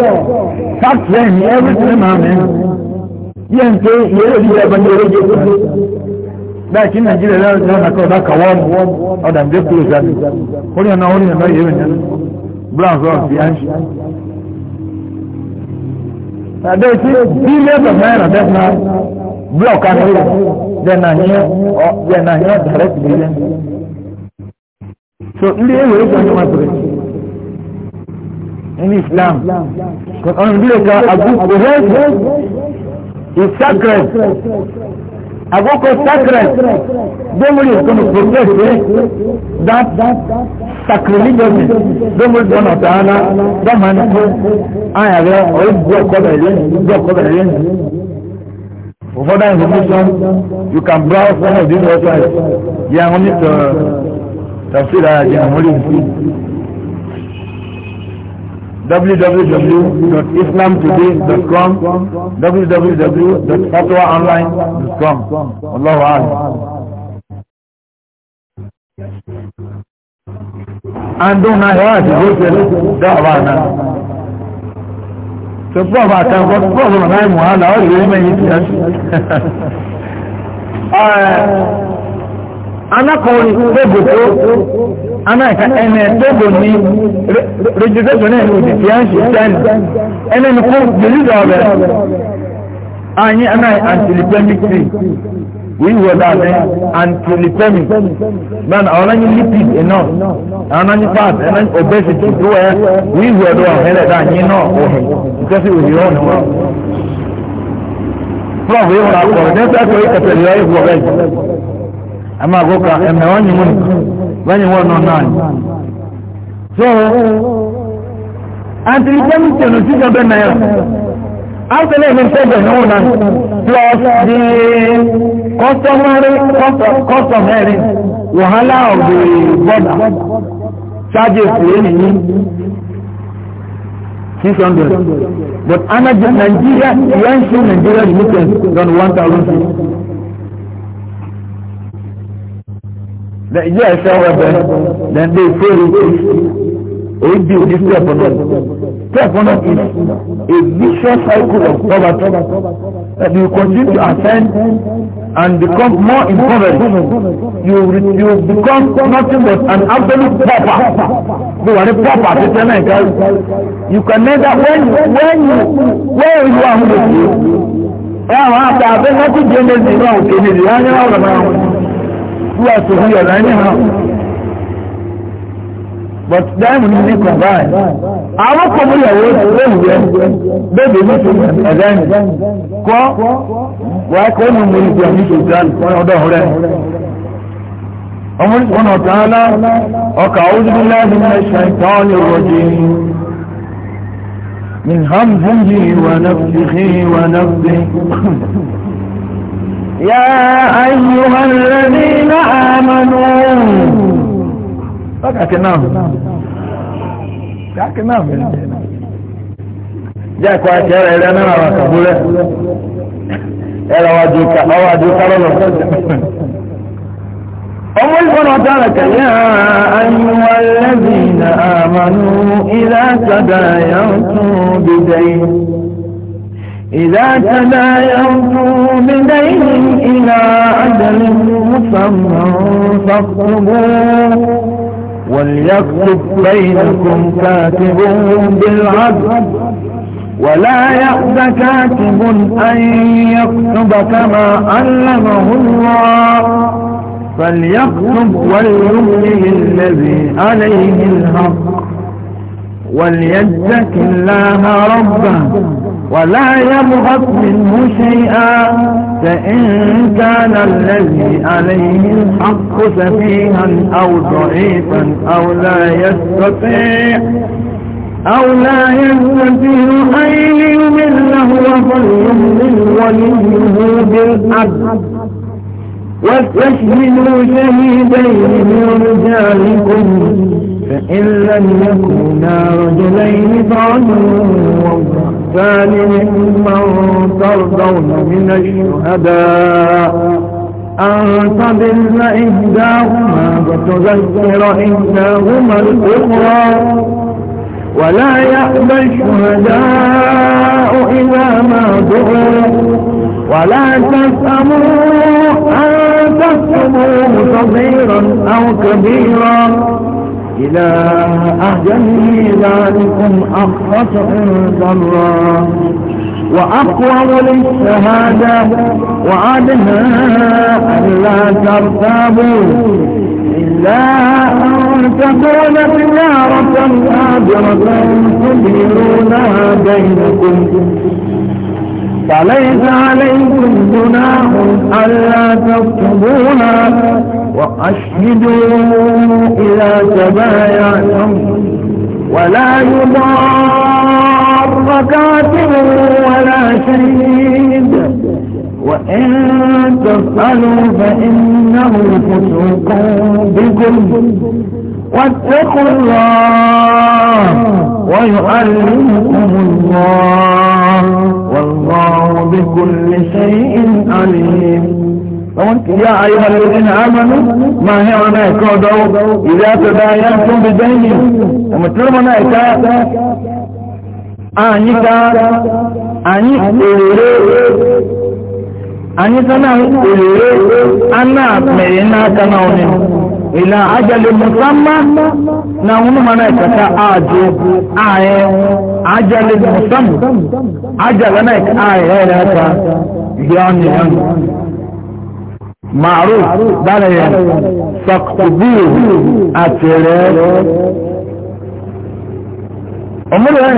fact then everything máa mi. Yẹ́n pé yẹ́rẹ́ ìdílé ẹ̀bọ̀n ní orí ìdílé. láìkí nàìjíríà lọ́nà kan láka wọ́n ọ̀dà ń dé kúrò jáde orí ọ̀nà orí ọ̀nà yìí ya nínú brown brown fi á ń ṣe. Àdé tí bílíọ̀nù náírà dẹ́kun blọọkù àníyàn dẹ́nà na dẹ́nà yẹn dàrẹ́tì bílíọ̀nù. So ndị e were kwanye masịrị ndị Islam ọ̀nà ìdílé ka agụ ọ̀hẹ́ is sacred. àkókò sacred domori ìkọlù protest rẹ that sacrilegiously domori dọ́nà tààlà dọ́mà ní kó àyà rẹ ọ̀rẹ́ gbọ́ kọ́bẹ̀ rẹ gbọ́ kọ́bẹ̀ rẹ for further information you can browse one of these websites yẹn àwọn onítọ̀ tafsir ayájẹ́ àwọn olè www.islamtoday.com www.fatwaonline.com Allah Akbar anduna yawa ti gote da abana to ko ba ta ko ko ba mai mu hala wa yi mai yi ta ana ko ni ko anáìka ẹnẹ tóbò ní rẹjúdẹ́gbẹ̀ náà ní òjì tí a ń ṣe tẹ́lì ẹnẹ ní kó gbèlúdà rẹ̀ anyi anayi antilipemic tea wíyí wọ dáadé antilipemic bẹ́ẹ̀ni àwọn anyi lipid enough àwọn anyi fat ẹnẹ obesity tó wẹ̀ wíyí wọ dọ́ ọ̀hẹ́lẹ̀ dá anyi náà ọ̀hẹ́ ìkẹ́sí òyìnbó ni wọ́n. prof yóò wọ́n akọ̀rọ̀ ní ẹ̀sẹ̀ ẹ̀kọ́ ìkẹtẹ̀lẹ́ ìwọ̀ rẹ̀ jù ẹ̀ máa gbọ́ ka ẹ̀mẹ̀ wọ́n nyi mú nìkan when you want not nine. So, and the commission is 600 naira. After that, he said the no one plus the customary, customary wahala of the border charges to any 600. But Nigeria, the ancient Nigeria remittance done 1,000. ìjọ ẹ̀ṣẹ́ ọ̀bẹ lẹ́ndé ìfẹ́rù èyí bí òní step náà step náà is a vicious cycle of poverty that you continue to ascend and become more impoverished you you become nothing but an absolute pauper bí wà ní pauper àti tẹ́lẹ̀ nǹkan you can never when when you when you are hungry ẹ àwọn àti àbẹ́ńkọ́tì jẹ́ ní ìlú àwọn òkè ní ìlú ányá ọ̀rọ̀ náà wà sòfin yọ̀dá ní hàn but dáìmù ní ní combine àwọn kọmúyàwó lóhùnjẹ bébè ní ṣùgbọ́n ẹ̀dá ẹ̀mí kọ́ wàá kọ́ ní mo ní ti àmì ṣùgbọ́n ọdọ̀ rẹ̀ ọmọ ìṣòwò náà tààlà ọkà òjòjì láti ní ẹ̀ṣẹ̀ ìtàn ní ọjọ́ من همزه ونفسه ونفسه يا أيها الذين آمنوا فكتناهم فكتناهم جاكوا أشياء إلى نرى وكبولة إلى واجوك أو واجوك أول فرع ترك يا أيها الذين آمنوا إذا تداينتم بدين إذا تبايعتم بدين إلى أجل مسمى فاقربوا وليكتب بينكم كاتب بالعدل ولا يأب كاتب أن يكتب كما علمه الله فليكتب وليملل الذي عليه الحق وليتك الله ربه ولا يبغض منه شيئا فإن كان الذي عليه الحق سفيها أو ضعيفا أو لا يستطيع أو لا يستطيع أن يمل هو فليمل وليه بالحق واستشهدوا شهيدين من رجالكم فإن لم يكونا رجلين فرجل الثاني ممن ترضون من الشهداء أن تضل إهداهما وتذكر إهداهما الأخرى ولا يأبى الشهداء إذا ما دعوا ولا تسأموا أن تكتبوه صغيرا أو كبيرا إلى أهجم ذلكم أخفت عند الله وأقوى للشهادة وعدها ألا ترتابوا إلا أن تكون تجارة آجرة تديرونها بينكم فليس عليكم جناح ألا تكتبونا وأشهدوا إلى تبايعكم ولا يضار كاتب ولا شهيد وإن تسألوا فإنه فسوق بكم واتقوا الله ويعلمكم الله والله بكل شيء عليم يا أيها الذين آمنوا ما هي أنا كودو إذا تداينتم بدين ومترمنا إتا أنيكا أني إيري أني كنا إيري أنا مرينا كنا ونين ìlà ajali musamman na wọn mana ìkàtà àjò ààyè ajali musamman ajali náà ìkà ààyè rẹ̀ ẹ̀ka bíọ́nì ẹ̀nu màrú dára yẹn sọkùbíù àtẹ̀rẹ̀ أمر أن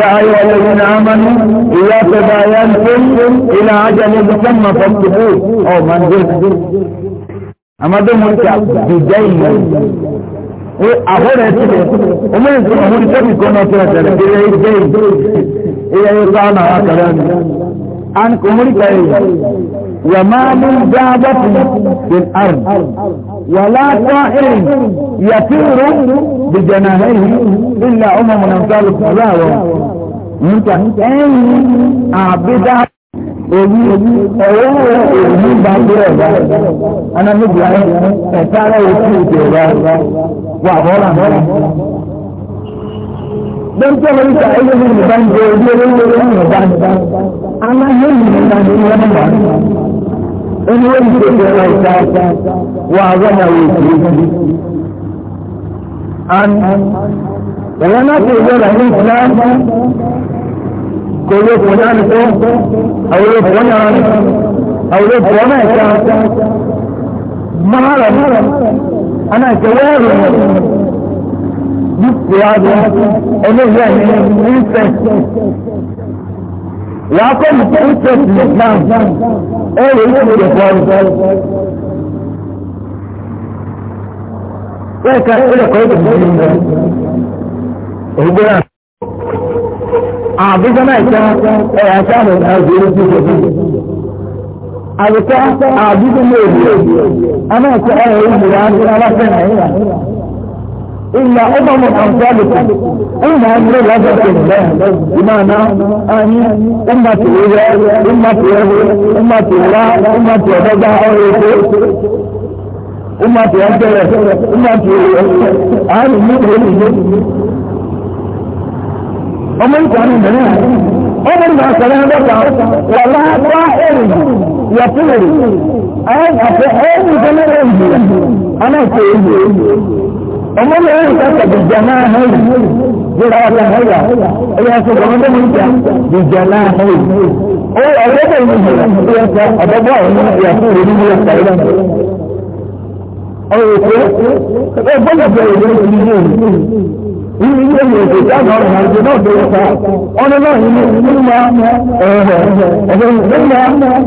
يا أيها الذين آمنوا إذا تباينتم إلى عجل مسمى فاكتبوه أو منزل amadu murika bidai we ahora tile omo nso omo nso mi kono tora tere tere idai iya yo sana akaran an kumurika yi wa ma min dabati fil ard ولا طائر يطير بجناحيه الا امم امثالكم لا وانت اي عبدا èyí ọ̀rọ̀ èyí bá bẹ̀rẹ̀ bá anábìbí ayé ẹ̀ka ara ètò ìdè bá wà bọ́lá bọ́lá. Dọ́kítà lórí ka ẹyẹ ní ìbá ń gbé orí orí orí ní ìbá ń bá. Aláyé ní ìbá ń bá ń bá. Ẹni wọ́n ti tètè ẹ̀rọ ìta wà wọ́n àwọn ètò ìdí. náà ti ìwé rẹ̀ ní ìlànà kò ló fún ọjà nìkó àwọn olóòfò wọn yàrá ni àwọn olóòfò wọn náà ẹ̀ka máàrà ana ẹ̀ka wọ́ọ̀rù dúkù adé ẹlẹ́yìí ẹ̀yẹ ìfẹ́ wàá kọ́ mi kó ìfẹ́ tìlú náà ẹ̀rọ ilé ìwé fọ́ọ̀rù. Wẹ́ẹ̀ka ẹ̀rọ kọ́ ìdòwú yìí ń bọ̀. Ògbó náà àbíjọ́ náà ìṣẹ́ ẹ̀yà sáàmù ẹ̀rọ àbíkọ́ àbíjọ́ lóòdì ọmọ ìṣẹ́ ẹ̀rọ ìgbìyà ní aláṣẹ nàìjíríà إلا أمم أمثالكم أنا أمر لذلك الله بمعنى أني أمة إيجا أمة إيجا أمة إيجا أمة إيجا أمة إيجا أمة إيجا أنا مدهن ọmọ ìkọ̀ ní ìbẹ̀rẹ̀ rẹ̀ ọmọ ìgbà sọ̀rọ̀ ẹgbẹ́ta wà láàbá ẹ̀rìn yàtúwèrè àfẹ́ ẹ̀rìn ìfẹ́lẹ́rẹ̀ ìlú anáìkò èyí ọmọ ìgbà ẹ̀rìn kẹsẹ̀ gbìjà náà hẹ́rì gbéra wà láà hẹ́rà ẹ̀yà sọ ọmọ ìgbà ìjà gbìjà náà hẹ́rì ó ọ̀rẹ́bẹ̀ ìlú ìyẹ̀sọ ọ̀dọ́gbọ́ ọ̀rún yàtúwèrè nínú ẹ̀sà ìlànà ọ̀rọ̀ èkó ẹgbẹ́ nínú ilé ìwé èdè dáná ọ̀rọ̀ náà ṣe náà bẹ̀rẹ̀ pa ọ̀nà náà nínú nígbà ẹ̀ẹ́dẹ̀ nígbà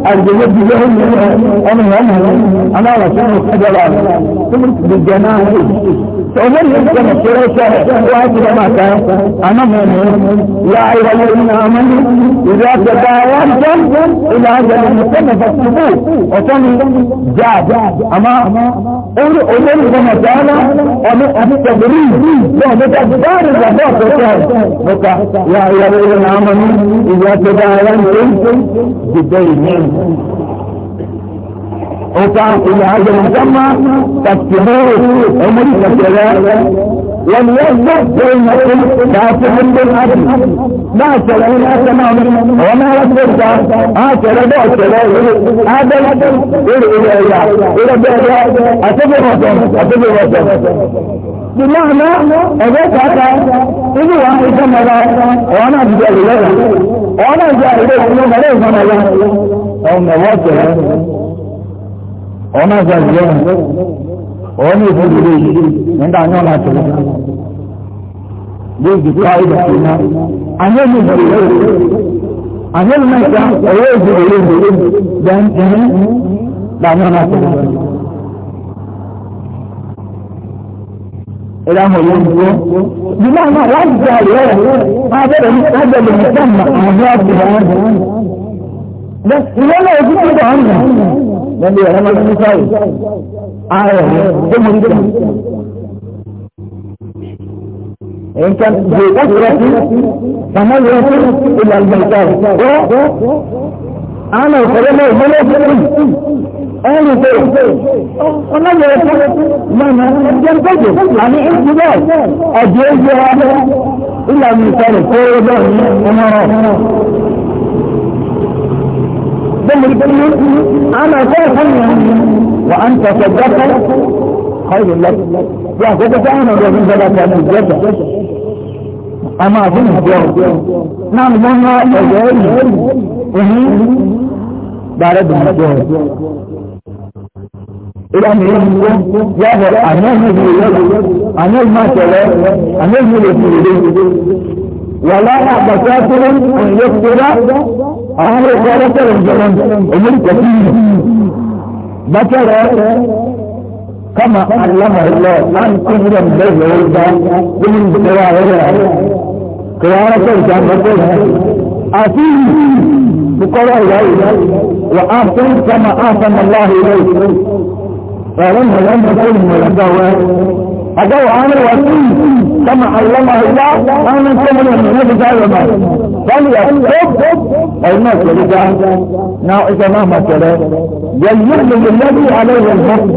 àgbègbè bí ilé ìwé ọ̀nà ìwọ̀n mọ̀ anáwọ̀ sí ní ìjọba gbogbo náà rẹ̀ ọ̀nà ìwé ìjọba náà ṣe rẹ̀ ṣe wá sí ọmọ àká anáwọ̀ mọ̀ ya ìwọlé iná amánú ìlú àgbẹ̀dá wa ń jẹ́ ìlú àgbẹ̀dá mùsùlùmí fàṣubú ọ̀tọ́ ni jáàbù àmọ́ olórí ìjọba náà ọ̀nà ọ̀nà بعد الزكاة تكاد بكى يا أيها الذين آمنوا إذا تداينتم بدين وكان إلى هذا المسمى تكتبوه عمري كثيرا وليوزع بينكم كافح بالعدل ما سلعين أسمعنا وما رسلت آتر بعت هذا العدل إلى إلى إلى إلى أتبع رسل أتبع رسل bìláàná ẹ̀gbẹ́ kàkà inú wa ń sọ mọ́ra ọ̀hún náà jẹ́ ìlú rẹ̀ ọ̀hún náà jẹ́ ìlú rẹ̀ ọ̀hún ìlú rẹ̀ ọ̀hún náà wọ́n ọ̀hún náà jẹ́ ìlú rẹ̀ ọ̀hún náà ìfún ìlú yìí nígbà yóò náà tẹ̀lé bí ìdí ká ìdí sí iná àyè mi bọ̀ ìlú àyè mi náà ta ọ̀rọ̀ ìdí ìlú rẹ̀ ẹ̀rọ àwọn yóò dúró. Jùlọ náà láti gba àlẹ́ rẹ̀, máa bẹ̀rẹ̀ ní sábẹ̀lẹ̀ ní sáàmà àwọn àti àwọn. Ìwé náà ojú tó bá ń nà. Lẹ́nu ẹ̀rọ máa ń sáré. Ààrẹ tó mú nígbà. Nǹkan ṣe ìdásílẹ̀sí, bàmá yóò fún ìlànà ìgbà. Àwọn ọ̀sẹ̀ rẹ̀ náà ìgbélé قالوا فيه والله يقول لنا ينتجه يعني انتباه اجيزها الا من كان الكورة ومرات ثم يقول انا خوفا وانت صدقت خير لك يا صدق انا ومن ذلك انا الجدع اما اظن الجدع نعم لنا الجدع وهي بارد المجهد ìyá mi yẹn yá bọ̀ àná ìlú ìlú àná ìlú àtẹ̀lẹ́ àná ìlú ìlú ìlú wàlá àgbàtà tó ń yẹ kúrá àwọn ọ̀rọ̀ ọlọ́tẹ̀rẹ̀ ìjọba òmìnir kọ̀tí yìí bàtẹ̀rẹ̀ kama alama ilẹ̀ láti kí ìrọ̀ bẹ́ẹ̀ lọ́wọ́ bá nínú ìgbéra rẹ̀ kìrọ̀ ọlọ́tẹ̀ ìjọba bẹ́ẹ̀ àti ìlú bukọ́rọ̀ ìyá ìyá wà á fún kama á fún aláhùn ilẹ̀ ولم يلم ظلم ولا دواء أجاو عامل وسيم كما علمه الله أنا كمل من نبي جاي وما قال يا رب الناس اللي جاي ناو إذا ما ما كلا يلم الذي عليه الحق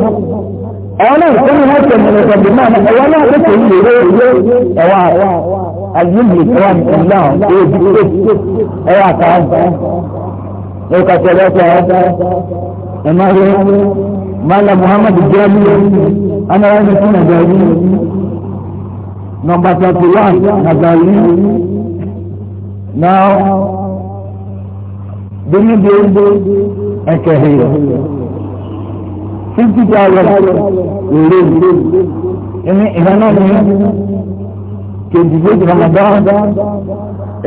أنا كم هذا من الزمان أنا كنت يقول أوعى اليمن كلام الله إيه بيت أوعى كلام إيه كتلاتة amma ya yi mala muhammad jabi ana yana suna jabi number 31 na now dunin da yin da ake hira sun ci jawar ini ìhànà ni kejìlélógún ramadan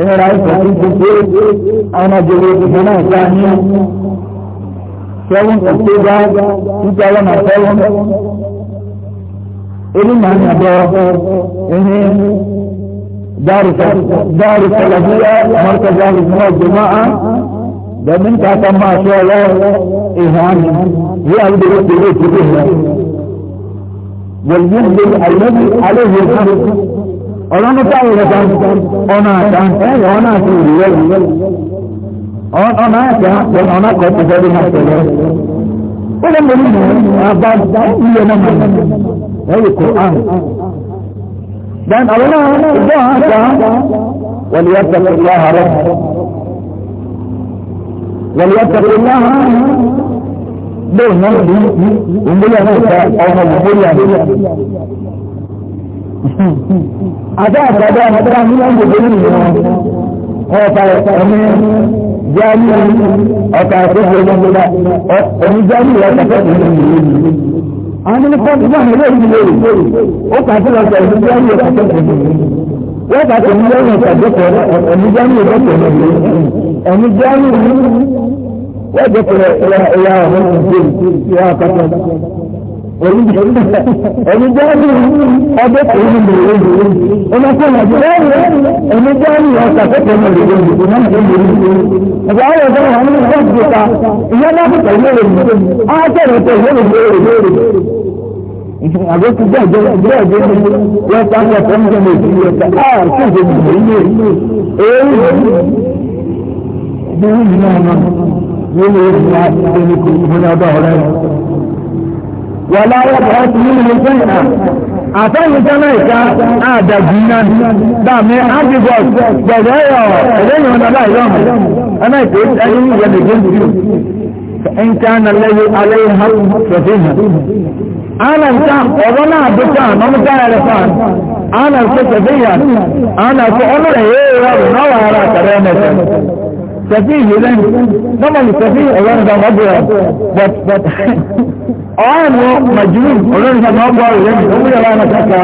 ìrìnàjò tó ti ṣe àwọn àjẹwò ìfẹ́ náà sáà ní seven to two thousand two thousand and seven onímọ̀ àbọ̀ ẹni dáàrí sàlàbíyà mọ́tàdá ìmọ̀ jùmọ́à domin ka san ma shi wa ihani ya abu da yake yake cikin nan wajen bin annabi alaihi wasallam ọlọ́run táwọn ọ̀nà àtàǹtẹ̀ ọ̀nà àtúnyẹ̀wò ọ̀nà àti àpẹẹrẹ ọ̀nà kan ti fẹ́ bí wọ́n tẹ̀lé ó lè mọ̀lú mọ̀ àbá ilé náà mọ̀ lẹ́yìn kò áhùn. dan àwọn náà ìjọ àgbà wọlé ẹ̀sẹ̀ pẹ̀lú àhàrẹ̀ wọlé ẹ̀sẹ̀ الله àhàrẹ̀ bẹ́ẹ̀ náà ní ìmúlẹ̀ náà ìta ọmọ ìmúlẹ̀ náà. àdá àgbàdo àwọn ọmọdé àwọn ìmúlẹ̀ náà ń gbèdé nìyẹn wọn. ọ̀pá ẹ̀mí jáàmù ọ̀tà àtẹ́fẹ́ ọmọdé ọ̀ní jáàmù ọ̀tà àtẹ́fẹ́ ọmọdé àwọn ilé kọ́ọ̀tù náà nílé ìdílé rẹ̀ ó kà sí ọ̀tà ìlú jáàmù ọ̀tà àtẹ́fẹ́ ọmọdé wọ́n kà sí ọ̀tà ìlú àtẹ́fẹ́ ọ̀ní jáàmù ọ̀tà àtẹ́fẹ́ ọmọdé ọ̀ní jáàmù wọ́n jẹ́ pẹ̀lẹ́ ìyá ọ̀hún ìdílé ìyá ọ̀tà àtẹ́fẹ́ onídjáde ọdẹ tó ń bèrè lóde ọmọ tó ń bèrè lóde onídjáde ọkà tó ń bèrè lóde ọmọ tó ń bèrè lóde ọgbà ayọ̀ ọgbà wọn ní ọgbà tó ta ìyá náà tó tẹ̀lé lóde ákẹ́rẹ́ tó lóde lóde lóde àbẹ tó bẹ́ẹ̀ jẹ́ bẹ́ẹ̀ jẹ́ wọ́n ta ń bọ̀ tó ń bẹ̀rẹ̀ lóde yẹn ká á tó ń bẹ̀rẹ̀ lóde èyí bí wọ́n yìí náà náà wọ́n lè wọ́n ti wá ẹni kò ní ọdọ̀ ọ̀rẹ́ ولا يبعث منه شيئا àtẹ́yìn tẹ́lẹ̀ ìka àdàjì náà dàmí àdìgbò pẹ̀lú ẹ̀yọ̀ ẹ̀lẹ́yìn ọ̀nà أنا ẹ̀nà ìpè ẹ̀yìn ìyẹn lè gbé jù إن كان الذي عليها ففيها أنا الكام أنا بكام ومتاع الإخوان أنا الكتبية أنا كأمر إيه رب نوع على Safi you then normally Safi ọlọ́run ta ọmọ but but ọ̀hún wọ Majnun ọlọ́run ta ọmọ bọ̀rọ̀ yẹn òmùlẹ̀ náà kàkà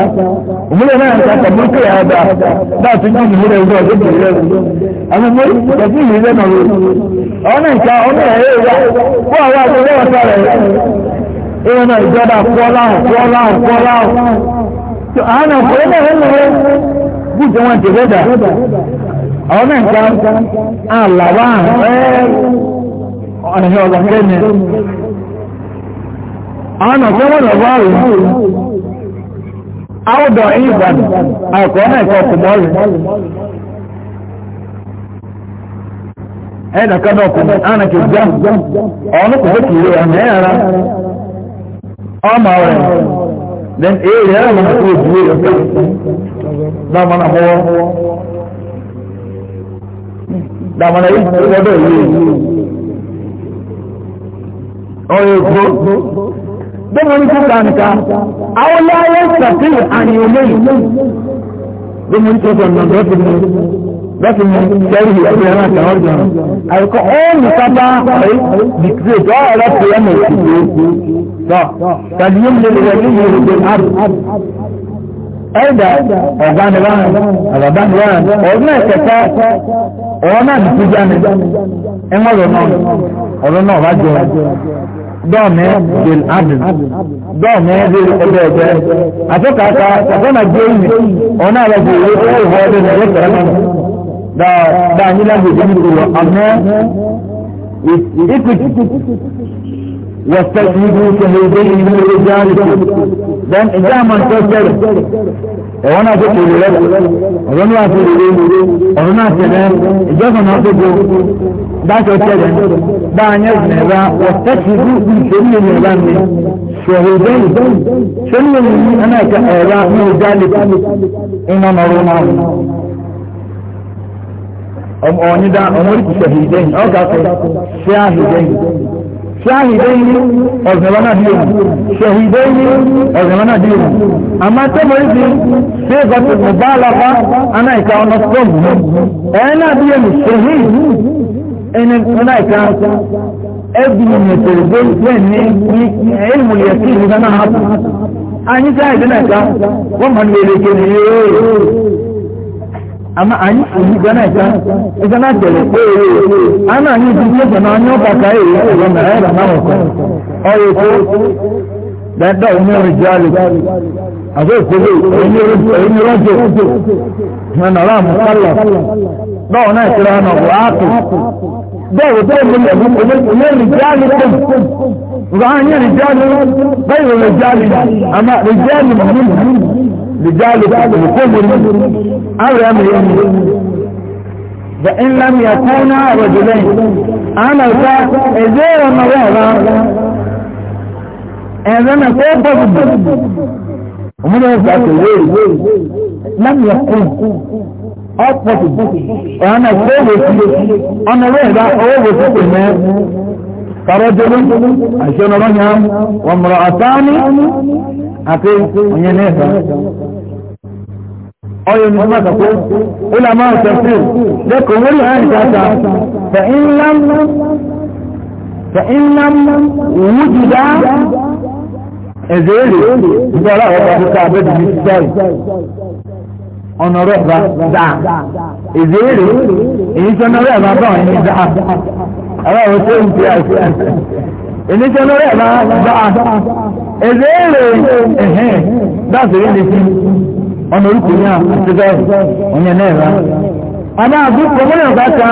òmùlẹ̀ náà kàkà mú kí ẹ̀ dà dáa tó yín ìmúlẹ̀ ìgbà ọdún tó yẹ. Safi yìí lẹ́nu ọ̀rọ̀ ọ̀hún nìkan ọ̀hún ẹ̀ ẹ̀ wá a náà àlàwà ọ̀nà ọ̀gbọ̀n na ọ̀nà tí wọ́n lọ bọ́ọ̀lù áwùdọ̀ ìbàdàn àkọ́ náà kọ́ kò ẹ̀nà kọ́dọ̀ kò ánà kì jẹ́ ọ̀nà kò kìí ọ̀nà ẹ̀yàrá ọmọ rẹ̀ then èèrè ẹ̀rọ mọ̀ sí ìdúró dàmọ́nà yìí ti lọ́dọ̀ yìí ọ̀rọ̀ èkó bẹ́ẹ̀ ní kúkà nìkan àwọn láyé sàfihàn àyè lẹ́yìn bẹ́ẹ̀ ní kúkà nìkan lọ́dọ̀ yìí láti mú kẹ́rì ẹgbẹ́ ẹran àtàwọn ọ̀gbọ̀n àìkọ́ ọ́ọ̀nù sábà dìkìrì tó ọ̀rọ̀ tó yẹ mọ̀ òkú tó tọ́ tàbí yóò lè lè rẹ̀ nínú ìrògbò àrùn ẹ̀dà ọ̀gbániwáhàn àbàbániwáhàn ọdún ẹ̀kẹta ọ̀wọ́n náà nìkú jáde ẹ̀wọ̀n náà ọ̀rọ̀ náà wá jẹ dọ́ọ̀mẹ́ jẹl abdul dọ́ọ̀mẹ́ rírì ọjọ́ ẹ̀jẹ̀ àtọ́kàtà ọ̀gbọ́nà jẹ́ ìmì ọ̀nà àlọ́jọ́ ìwé owó ìwọ́ ọdún ẹ̀rọ kẹrẹ́mọ́ dáa dáa nílá gbèdé nítorí ọ̀mẹ́ ìpìtì واستجيبوا شهيدين من رجالكم دان إجاما تسر وانا ذكر لك وانا ذكر لك وانا سنان إجاما نصبه دا تسر دا نزن با واستجيبوا من شهيد من رجالكم شهيدين شهيد من أنا كأيضا من رجالكم إنا نرونا أم أوني دا أمريك شهيدين أو كاكو شاهدين ṣáhìdẹ́yìn ọ̀gbẹ̀wọ́nà díòmù ṣẹ̀hìdẹ́yìn ọ̀gbẹ̀wọ́nà díòmù àmá tó mọ̀ níbi ṣé ìgbàtí kò bá lọ́pá aná ìka ọ̀nà stọ́ọ̀mù ẹ̀ẹ́ náà díòmù ṣẹ̀hì ẹni ọ̀nà ìka ẹ̀bùn ìmẹ̀tẹ̀rẹ̀ bẹ́ẹ̀ ní ẹ̀ẹ́mù yẹ̀kí ìlú náà hàpù àmà àyìn òní gbẹ́nà ìjà ìjà náà tẹ̀lé pé àná àyìn ti tẹ̀sẹ̀ náà ní ọ̀pá ká èrè ẹ̀rọ náírà náà ọ̀kọ́ ọ̀rọ̀ èkó dáadáa òní rìn jáde àbẹ́ ìkólé ẹ̀yìn rọ́jò ìrànà ráàmù kálà báwo náà ti ra ọ̀nà wàá tó bẹ́ẹ̀ wò tó lè lẹ́nu òní rìn jáde pé ìrànà rìn jáde bẹ́ẹ̀ rìn jáde àmà rìn jáde mọ̀mí mọ̀mí رجالكم كبر أو أمرين فإن لم يكونا رجلين أنا أتاك إزير النظر إذا أنا كيف بضد ومن يفعل الويل لم يكون أطفت وأنا كيف أنا ويل أوه بسيط فرجل عشان رجل وامرأتان أكيد ونينيها ọyọ ní ọmọ àtàkó ó là máa tẹ̀sí lẹ́kọ̀ọ́ wọ́n lè hàn ìdáta fẹ̀ínlám wújúdá ẹ̀zẹ̀rẹ̀ ìgbọ́ra ọ̀pá tó ká bẹ́ẹ̀ ní sísáì ọ̀nà rọ̀bà dáa ẹ̀zẹ̀rẹ̀ èyí sọ́nà rẹ̀ máa bá ọ̀yìn dáa àwọn ọ̀rọ̀ tó ń pè àìsí èyí sọ́nà rẹ̀ máa bá ẹ̀zẹ̀rẹ̀ ẹ̀hẹ́n dáàsì ọ̀nà orúkọ yẹn àti bẹ́ẹ̀ náà rà. Àmọ́ àbúkọ mọ́nà bá ta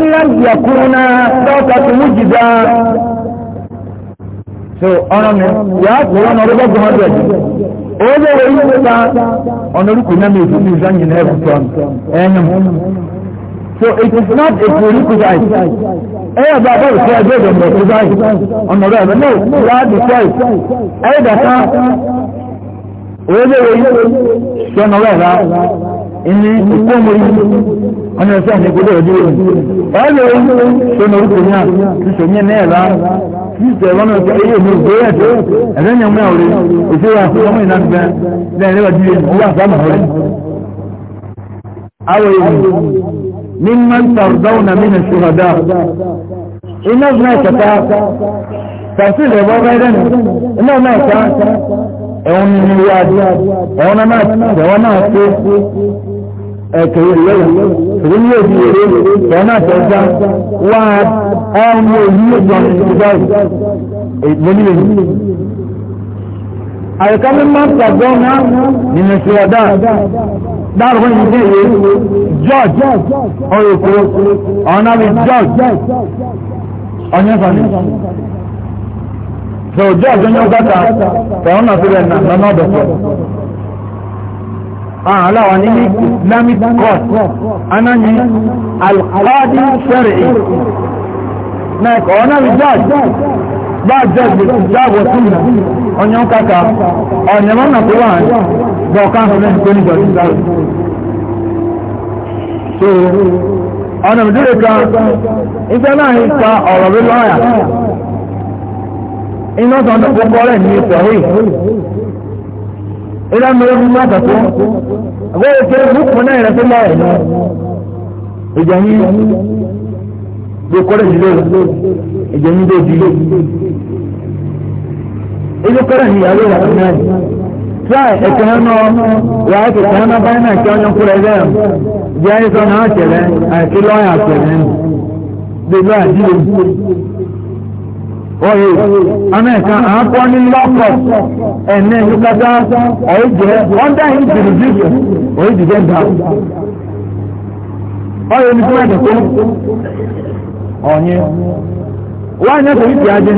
ńlá yàkúrú náà lọ́ọ̀ta tó mú jìdá. So ọ̀rọ̀ mi, yàá kó ọ̀nà ọ̀rọ̀ bọ́gbọ̀n ọ̀dọ̀ ẹ̀jẹ̀. Owó lè yí ta ọ̀nà orúkọ náà mi fún mi sáyìn náà ẹ̀kú tọ́ ẹ̀yìn. So it is not a prerequisite. Ẹyẹ bá bá ìfẹ́ ẹgbẹ́ ìdọ̀mọ̀ ìfẹ́ báyìí. Ọ̀nà ọ̀rọ̀ ẹ̀rọ náà wá dìfẹ́ ẹ̀dàká òwúrẹ́wé sọ́nà ọ̀rẹ́ra ní ìkó omori ọ̀nà ẹ̀sẹ̀ ní ìkó lóòdì rẹ̀ ọ̀rẹ́wé sọ́nà orúkọ ní àtúnṣe ní ẹ̀rá títẹ̀ lọ́nà ẹ̀sẹ̀ èyí èmi ògbóyè ẹ̀sẹ̀ ẹ̀rẹ́ ní ọmọ ẹ̀wọ̀rẹ́ òṣèré àfọwọ́mọ ìnágbẹ́ lẹ́yìn rẹ̀ iná náà kẹta ẹ̀wọ̀n ní ní wájú ẹ̀wọ̀n náà ẹ̀wọ̀n náà tó ẹ̀kẹ́ ìrẹ̀lẹ̀ ìrẹ̀lẹ̀ ní èdè ìrẹ̀ ẹ̀wọ̀n náà tẹ̀ já wá ọmọ èyí ìgbọ̀n ìgbà ìgbọ̀n ìgbọ̀n àyíká ní máa tàgbọ́ náà nínú ìṣúwọ́dá dáàrùn yìí dé ìwé george ọ̀rẹ́kọ̀ọ́ ọ̀nà bíi george ọ̀nyẹ́fà so ojú àjọyọ̀ gbàtà tẹ̀wọ́n náà síbẹ̀ náà lọ́nà ọ̀dọ̀fọ̀ aláwa ní ní islamic court anáyí alkọ́dí sẹ́rìí náà ẹ̀kọ́ ọ̀nà rí judge bá judge lè ti jáàbọ̀ sí ìlà ọ̀nyọ́ kàkà ọ̀nyẹ́ lọ́nà tó wà ní bọ̀ọ̀ká ọ̀nà tó ní jọ̀dí sáré so ọ̀nà ìdúró kan ìfẹ́ náà ń ka ọ̀rọ̀ iná sọ̀rọ̀ tó kọ́kọ́ rẹ̀ ní ipò rí ilé mi ní má tẹ̀kọ́ àwọn òkè búkún náà rẹ̀ tó lọ ẹ̀ náà ìjọ yín ló kọ́rẹ̀ sílé ìjọ yín ló di ilé kọ́rẹ̀ ní ìyàwó rẹ̀ náà tíwáì ẹ̀kẹ́ náà wà á kẹ̀kẹ́ náà báyìí náà kí ọyàn kúrẹ́ rẹ̀ jẹ́ ẹ̀sọ́ náà tẹ̀lé àti lọ́yà tẹ̀lé bí lọ́yà dídò oye amẹ́ka àápọ́ ní lọ́pọ̀ ẹ̀nẹ́ yúkátá ọ̀ẹ́jẹ́ ọ́dá ìjìrì jíjù oríjìjẹ́ dá oye ní fún ẹ̀dẹ̀kọ́ ọ̀yẹ́ wọ́n ní ẹ̀kọ́ ìpì ajé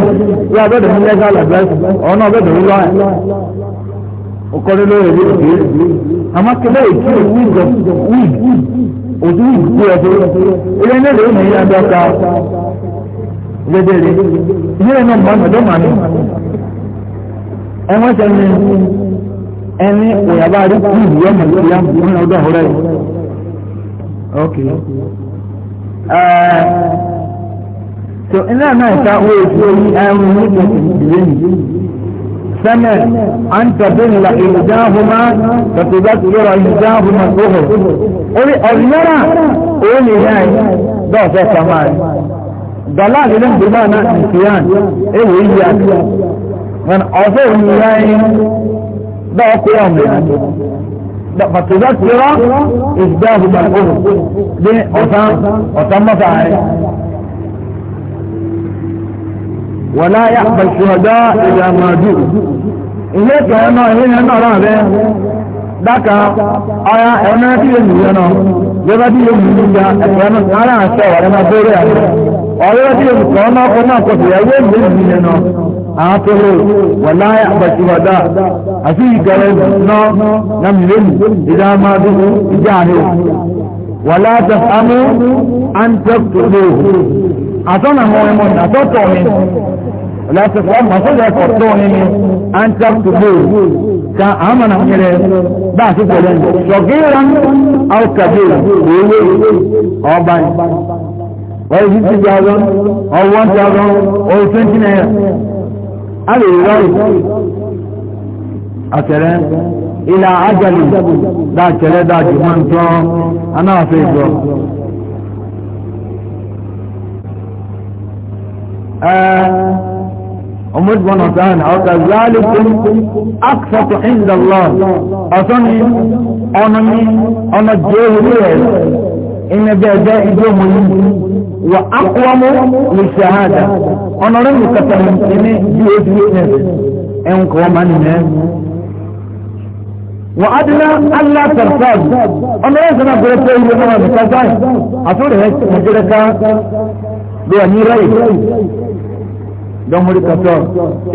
wọ́n abẹ́dẹ̀ ní lẹ́gà lẹ́gbẹ́sì ọ̀nà ọ̀bẹ́dẹ̀ rí lọ́ẹ̀ ọkọ̀rẹ́ lórí rí òkè àmọ́kẹ́lẹ́ ìkí òwúrọ̀ wíìd òtún gbẹdẹrẹ ìdílé náà mọ ọdọ màmí ẹwọn sẹni ẹni òyàbá rí kú ìlú ọmọ ìlú ya ń lọ dọ̀hún rẹ ok so iná náà ká owó èso yí ẹrù ní ìjọsìn ìdílé yìí sẹ́mẹ̀ àǹtẹ̀bínlá ìdáhùnmá tọ̀tùbẹ́tù lọ́rọ̀ ìdáhùnmá tó hù orí ọ̀rìnlẹ́rà òun lè yá ẹ̀ dọ́ọ̀fẹ́ sọ́mọ́ rẹ̀ dọ̀lá nílé ìgbìmọ̀ náà nìkìyàn èwò yìí àti wọn ọ̀fẹ́ òmìnira ẹni bẹ́ẹ̀ kó ọmọ ẹ̀ pàtàkì kíra ìgbà òmìnira òrò ní ọ̀sán ọ̀sán mọ́ta rẹ̀ wọ́n láyà pẹ̀sù ọjọ́ ìjà màdù ilé ìtọ́ náà ilé ìyẹn náà rà rẹ̀ dáka ọya ẹ̀rọ náà tí yóò mú yẹn náà lọ́ba tí yóò mú yẹn náà ẹ̀kọ́ náà ara àṣẹ ọ̀rẹ́ máa bẹ́rẹ̀ àwọn ọ̀rẹ́ tí olùkọ́ náà kọ́ náà kọ́ ìyàwó ìlú ìlú yẹn náà àwọn tó lò wà láyé àbàṣìwàdà àti ìgbàlẹ̀ náà náà mìlẹ́nu ìdá máa dúró ìjà àárẹ̀ wà láti amú àǹtẹ̀kùtù lò àtọ́nà àwọn ẹmọ àtọ́tọ̀ mi láti fọ́ màsọ́jà ẹ̀kọ́ tó ní or fifty thousand or one thousand or twenty naira a lè rọ ìwọ àtẹrẹ ilà ájàlè dáàtẹrẹ dáàjù máa ń tọ́ anáwàfẹ́ ìjọ. ọmọdé bọ́nà sáàni ọ̀kà zálìkún akṣọ́tù ìndàlọ́ ọ̀sán ni ọ̀nà ni ọ̀nà jẹ́ orí ẹ̀ ìnẹjẹ ẹjẹ ìdí ọmọ yìí wà ákúwámú lè ṣe àádá ọ̀nàrẹ́ mi kàtà mi ti ní dos business ẹ̀hún kọ́ ọmọ nìyẹn. wà á dín náà allah tẹ̀sán ọ̀nàrẹ́ sọ̀rọ̀ bẹ̀rẹ̀ pé ìwé náà mi ká báyìí àtúrò rẹ̀ ti nàìjíríà ká bí wà ní rẹ̀ دمر كثر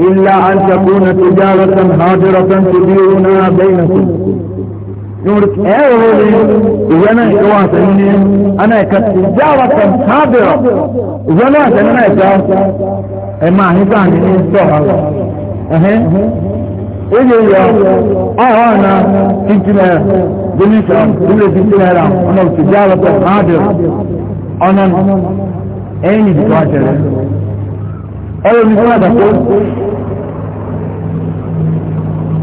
إلا أن تكون تجارة هاجرة تديرونها ẹ̀rọ rẹ̀ ìwé náà ìwé wọn àtẹ̀yìn ní ana ẹ̀ka ti já wa tẹ̀ tábìrọ̀ ìwé náà àtẹ̀yìn náà ẹ̀ka ẹ̀ máa ní sáà ní sọ̀rọ̀ ẹ̀hìn oye yọ ọ̀họ́ na títí náírà gómìnà ìwé títí náírà ọ̀nà òtù já wa tẹ̀ tábìrọ̀ ọ̀nà ẹ̀yìn ìdìbò àtẹ̀rẹ̀ ọ̀rọ̀ mi fún àdàkọ́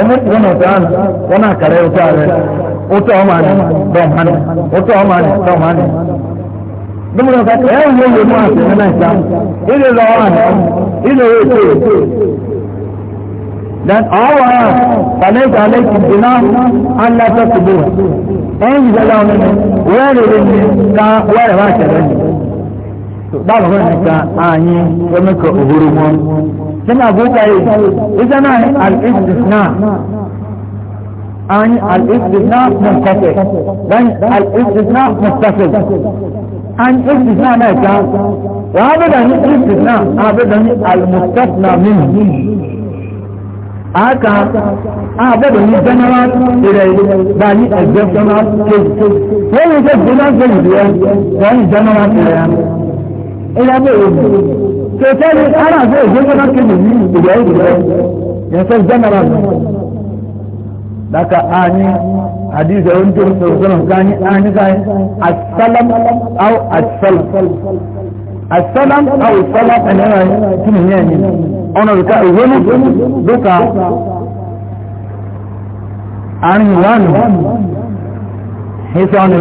ọmọ ìpínlẹ̀ ọ̀tá àná wọn náà kàrẹ́ ọ̀tá rẹ̀ ọ̀tá ọmọ àná dọ̀m hánì ọ̀tá ọmọ àná dọ̀m hánì. Dọ́mọdé ọ̀tá ẹ̀ ń wọ́n yẹn mú àṣẹ ní Nàìjíríà ilé lọ́wọ́ àná ilé owó ètò ètò. Then àwọn àná Bàlẹ́jà Alẹ́kì Dìná Aláfẹ́ Kùdù ẹ̀ ń yíyá láwọn nínú wẹ́ẹ̀rẹ̀ rẹ̀ ní ká wẹ́ẹ̀rẹ̀ wá àṣẹ ní. Báwo ni ká àyín ẹ̀mẹ́kọ̀ òhóró wọn? tana buɗaye ita na al'istisna an al'istisna mustafi dan al'istisna mustafi an istisna na ta wa abu da ni istisna abu da ni al-mustafna min aka abu da ni general irai da ni exceptional case wani ke general case biyar da ni general irai irai bai tẹ̀sẹ̀lẹ̀ ara àti ìgbésẹ̀ náà kéde ní ìgbèrè ìgbèrè yẹnsẹ̀ jẹ́nara nù. Daka anyi hadiza wani turu sọ̀rọ̀sọ̀rọ̀ ka anyi anyi ka anyi asalam aw asalam asalam aw salam ẹni ẹni anyi kini nyɛ anyi ɔnà bi ka ìwélu duka anyi wani hisa wani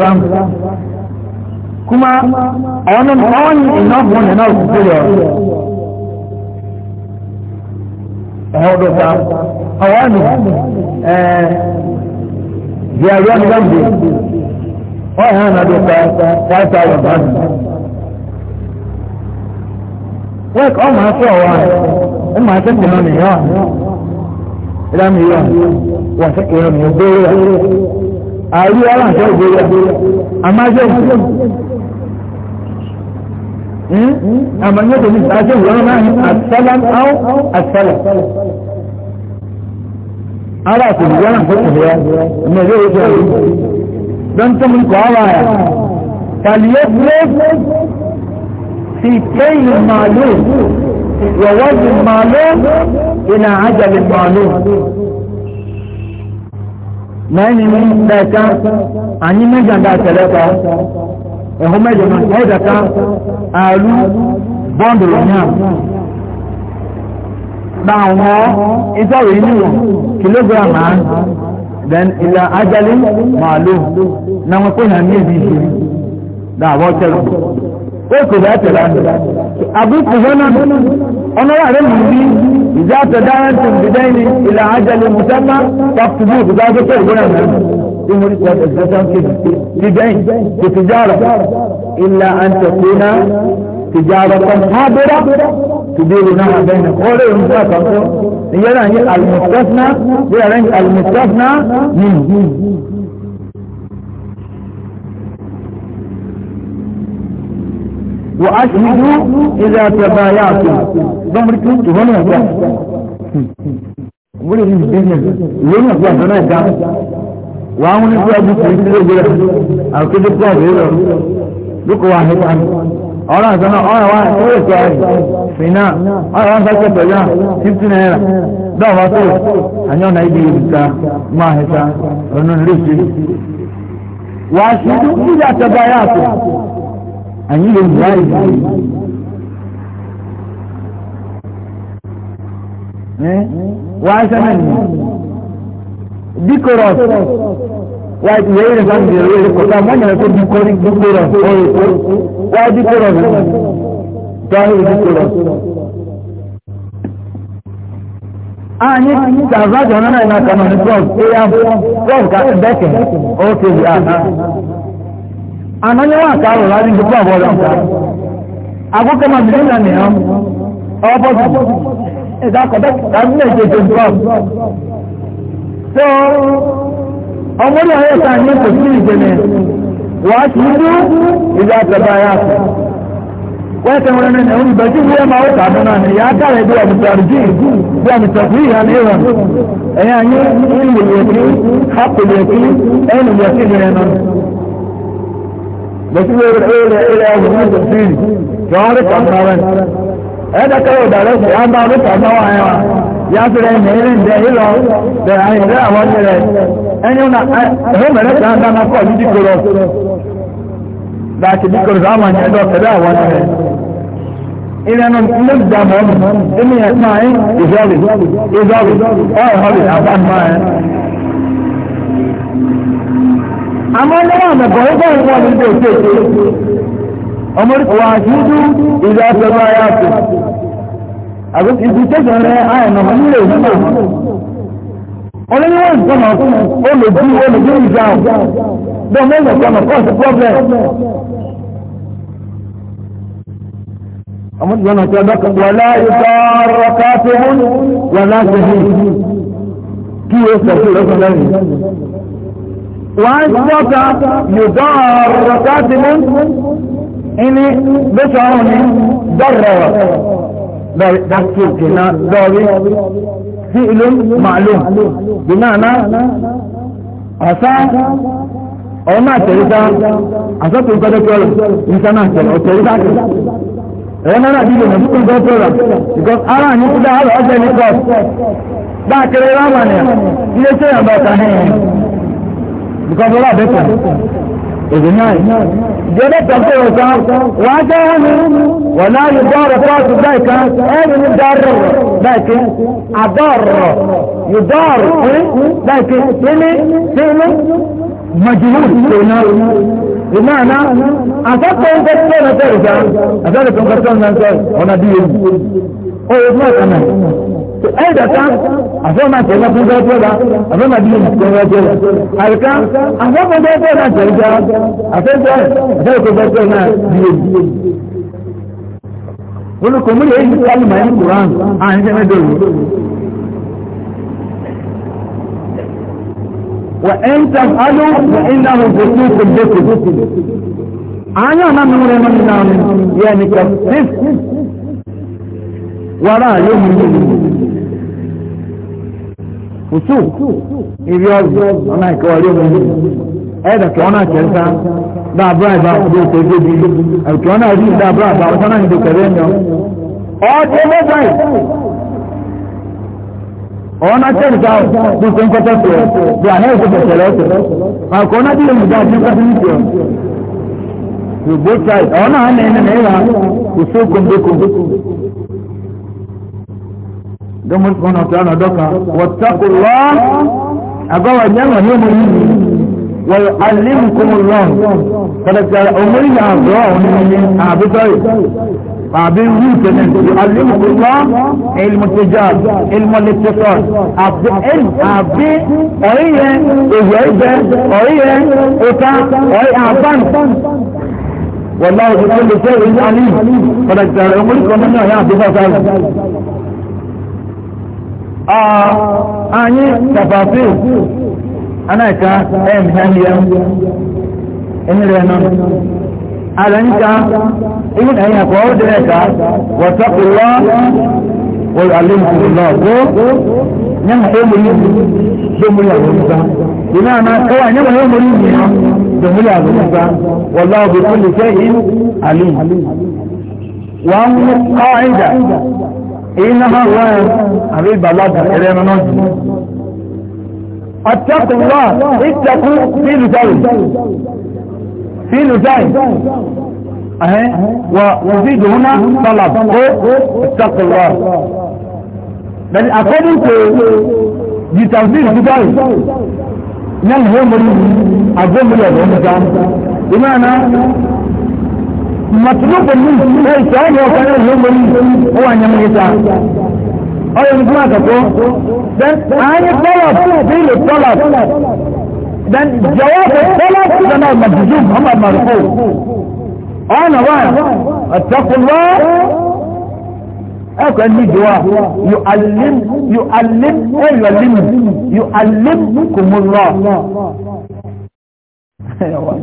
kuma a wannan tsawon ina buwan yana rubutu da ọdọ ta àwọn di àwọn gbàgbé wọn yàn án àdó ta five thousand pounds wẹ́ẹ̀kì ọmọ afẹ́ ọ̀wá ẹ̀ máa tẹ̀sí náà nìyọ́ ìdá mi yọ wọ́n ti kéré mi ò gbé rẹ̀ àárí ọ̀là àti ògbé rẹ̀ àmájẹ́ ògbé rẹ̀ àmọ́ ní ọ̀dọ̀ nípa ajé ìwọ́n máa ní àtẹ́lám áwọ́ àtẹ́lẹ̀. ara àti ìwọ́n náà fún ìwọ́n ní ẹ̀rọ ìjọ yìí don tó mú kọ́ ọ́wà ẹ̀ pàlíyé fúlé sí kéyìn màálù wọ̀wọ́dì màálù ìlà àjàlè màálù. mẹ́rin ní ẹ̀ka àní méjì àdá ẹ̀hún mẹ́jọ náà ẹ̀ẹ́dẹ̀ká àlú bọ́ǹdù lọ́nyàm dáwọn ìtọ́rọ inú kìlógíráàmù àánú then ilẹ̀ ajali màálù na wọn pín hàn ní ibi ìṣirí dáàbọ̀ tẹ̀lé ó kò bá tẹ̀lé àná àbúkù hánà ọ̀nàrà rẹ̀ mú bí ìjà tẹ̀dárántì bìdẹ́ni ilẹ̀ ajali mùsẹ́fà tọ́kùtù bí ìgbà tó tẹ̀lé في بيع في تجارة إلا أن تكون تجارة حاضرة تديرونها بين قولي ومساكم هي المستثنى هي المستثنى منه وأشهدوا إذا تبايعتم ضمركم تهون وزاح ولكن الدنيا لن يزاح هناك wà á wúni fúlàbù kù ní sílé gbéra àkéde pọ́ọ̀bù rẹ̀ lóko wà nípa ni ọ̀rọ̀ àti ọ̀nà ọ̀rọ̀ wa tó lè tọ́ ẹ̀ fìnnà ọ̀rọ̀ wa ń sáké pẹ̀lú à fifty naira dọ́ọ̀ wa tó àyàn náà ibi ìbùkà máa hẹta ọ̀nà lóṣù wà á ṣe tó kí ìjà tẹ̀ báyà tó àyìn lè wù láì bù wà á ṣe náà nìyẹn. dikorọs wáyé ìwé yìí nìkan ti rí ẹ̀kọ́ tá a mọ̀ nyẹ̀rẹ̀ kó dikori dikorọs ọ̀rẹ́ kó wáyé dikorọs tọ́hìn dikorọs. Anyi transaction náà iná kan náà ní prof eya prof ká bẹ́ẹ̀kẹ̀ ó ti di àná. Àná ni wọ́n àká rò láti di prof ọ̀rẹ́ nǹkan. Àkókò máa bìí nìyẹn nìyẹn ah bọ́sì. Ìdá kọ̀dọ̀ kàbí lè ṣe prof. tó ọmọdé ayé ta ní kò sí ìjẹnẹ wà á ti dú ìjà àtẹ̀bá yá sí. wọ́n ti wọ́n ní ẹ̀hún ìbẹ̀jú bí ẹ̀ máa ó tàbí náà ní ìyá kára ẹ̀dí ọ̀mùtà rìjì bí ọ̀mùtà kù ìyá ní ìwọ̀n. ẹ̀yà yín ní ìwòye kí hápìlì kí ẹ̀yìn ìwòye kí ni ẹ̀nà. lọ́sí wẹ́rẹ́ ẹ̀rẹ́ ọ̀hún ní ìtòsí yàtúrẹ mẹ́rin ǹdẹ ìlọ bẹ̀rẹ̀ àyẹ̀dẹ́ àwọn ọ̀nẹ́rẹ̀ ẹni ọ̀nà ẹ̀hẹ́ mẹ́rẹ́ kan dáná kọ́ ní dìkòrò láti dìkòrò sáwọn àyẹ̀ ẹ̀dọ́ kẹ́dẹ́ àwọn ọ̀nẹ́rẹ̀ ìrẹ́nu lẹ́gbẹ̀dà mọ́mù ẹni ẹ̀ máa ń ìzọ́lì ìzọ́lì ọ̀hẹ́họ́lì àbámá ẹ̀ àmọ́ lọ́wọ́ àmọ̀kọ̀ ọgbọ́n wọn ní ìdè òṣèlú ọmọ ìkọ̀wà àṣíjú ìlú ọ̀sẹ̀ àbúkù ibi tẹ́sán rẹ àìnà wọn nílò ìdúnà olóyún wọn sọnà olùdí olùdí ìjà bẹ́ẹ̀ mẹ́lẹ̀ sọnà kọ́ọ̀sì pọ́blẹ̀. àwọn ìgbọ́nà tí a bá kan wà láàyè sọ́ọ́rọ́ káfí wọn wà láti hì kí o sọ fún ìrọsọ lẹ́yìn. wàá sọ́ka yorùbá ọ̀rọ̀ káfí wọn ẹni bẹ́sọ̀ ọ̀hún ni dọ́rọ̀. ذكر جنا دوري فعل معلوم بمعنى أسا أو ما تريدا أسا تلقى تقول إنسانا تلقى أو تريدا أنا أنا دي لما تكون تقول because أنا نقول هذا أجل نقول ده كلام أنا إذا كان بس أنا because ولا بس جبت تنقلها وجاهل ولا يدار فاس ذلك اين يدار ذلك عبار يدار ذلك سنة سنة مجهول بمعنى أفكر أن تكون ترجع أفكر أن تكون ترجع هنا دين أو ما كمان ẹ̀dà kan àfọ́mà tẹ̀lé fún gbẹ́gbẹ́ra àfọ́mà bí ìsìnkú gbẹ́gbẹ́ra àríká àfọ́mà gbẹ́gbẹ́ra tẹ̀lé àfẹ́gbẹ́ àfẹ́gbẹ́ gbẹ́gbẹ́ra bí èyí olùkọ́múlì èyí kálùmọ̀ ní koran àyìn fẹ́ mẹ́dọ̀rọ̀ wà ẹ̀ń tàn aló ìlànà òfòsí kòjẹ́kòjẹ́kò àyìn àmà mẹ́rin mẹ́rin náà yẹ nìkan wàrà yóò mú òtú ibi ọ̀gbìn ọ̀nà ìkẹwàá rí omi ẹ̀ẹ́dà kí wọ́n náà kẹ́ sá dáàbọ̀ àìbá ọdún òtò ẹgbẹ́ bí kí wọ́n náà rí dáàbọ̀ àbá ọ̀sán náà nìdó kẹ̀rẹ́ ẹ̀yọ. ọ̀ọ́dẹ mobile ọ̀wọ́n náà kẹ́ sá bí tó ń kọ́tọ́ tó ẹ̀ bí àná èso pẹ̀tẹ̀ lọ́tọ̀ àkọ́ náà dìde mùdá àti nǹkan tó ń tẹ̀ ọ́. gbogbo domin subhanahu wa ta'ala doka wattaqullah agawa nyama ni mo yini wa yu'allimukum Allah kada ka umri na do ni ni abi tay abi wi tenen yu'allimukum Allah ilm tijab ilm al-ittisal abi ilm abi oye oye oye ota oye aban والله بكل شيء عليم يا عبد الله anyị tafafi anaghịka emhemya enyere nọ ala nka ihe na ihe ka ọ dịrị ka wọtakụlọ wọlụ alimkulọ bụ nyama emori domori abụmụta ime ana kọwa nyama emori yi ya domori abụmụta wọlụ ọbụ kulike in alim wa ń kọ́ ẹ̀dà èyí náà wọ́n ẹ̀ àbí ìbàlágà ẹ̀rẹ́ ẹ̀rọ náà jù àtẹ́kùn wà ìtẹ́kù fílù táì fílù táì ẹ̀hẹ́ wà òfíìdì húnná sọ́là ó ìtẹ́kùn wà bẹ̀rẹ̀ according to the tanzil dubai yẹn lè wọ́n mọ̀rí àgbọ̀mọ̀rí ọ̀dọ́ mọ̀ta ìmọ̀ náà matulubu mi ẹ sọ́ọ̀nù ọ̀kan náà ló mọ̀ ní ó wà nyẹ́mu yìí ta ọ̀rọ̀ ní fún àkàkọ́ ààyè tọ́lọ̀ bí lè tọ́lọ̀ then jọ̀wọ́ tọ́lọ̀ sọ́nà màdùdù ọmọ màrúkọ ọ̀nà wa ọ̀tọ́kùnwá ẹ̀kọ́ ní ìjọba yóò alim yóò alim ó e, yọ limu yóò alim kò mú lọ.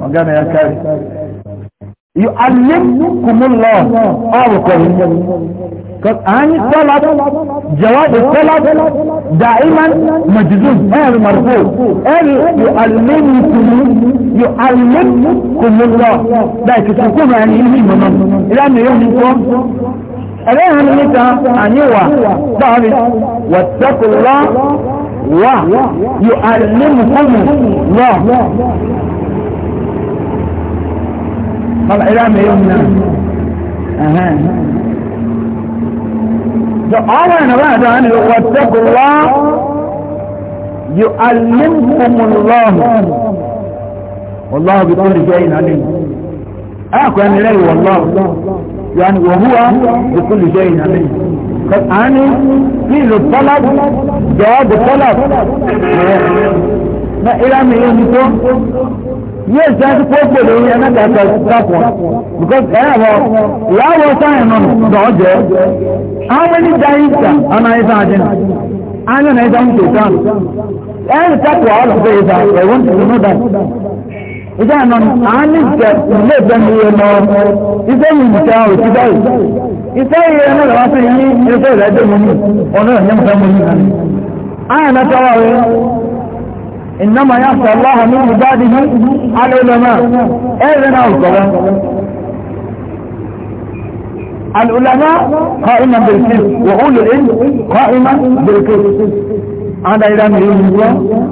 ọ̀gá mi yà kárí. يعلمكم الله أمركم عن الطلب جواب الطلب دائما مجزوم أهل مرفوع أهل يعلمكم يعلمكم الله لا تتركون عن علمي منهم لأن يومكم أليها منك أن يوى ذلك واتقوا الله ويعلمكم الله kọ́lá ẹ̀rọ àmì ẹ̀yọ́ nínú ẹ̀hẹ́n. So ọwọ́ ẹ̀nà bá àdó àná wọ́n tẹ́kù wá yóò alẹ́mùkùmùlọ́hù. Wọ́láhù bí kúrò jẹ́ ìnà lè. Ẹ kọ́ ẹni rẹ̀ wọ̀ lọ́hù. Yóò àni wọ̀ húwa bí kúrò jẹ́ ìnà lè. Àní bí ìlú tọ́lá jọ̀ọ́ bí tọ́lá. Ẹ ẹ̀rọ àmì ẹ̀yọ́ nínú yíyẹ sọ ẹni kó gbèdé yẹn náà kà kà because ẹ yà wọ wà á wọ sáyẹn nọ how many days ta ọ̀nà ìfẹ́ àjẹ́ nà ányọ nà ìfẹ́ àjẹ́ sàn ẹni kàpọ̀ ọ̀lọ̀ fẹ́ ìfẹ́ ẹ̀ wọ́n ti nù dàn ìfẹ́ àná àání ìfẹ́ ilé ìfẹ́ mi yẹ lọ ìfẹ́ mi nìkẹ́ òsì báyìí ìfẹ́ yẹ náà lọ́wọ́ sí yín ìfẹ́ ìrẹ́jọ́ mi إنما يخشى الله من عباده العلماء أذن أوصلا العلماء قائما بالكذب وأولو العلم قائما بالكذب هذا إلى مريم الله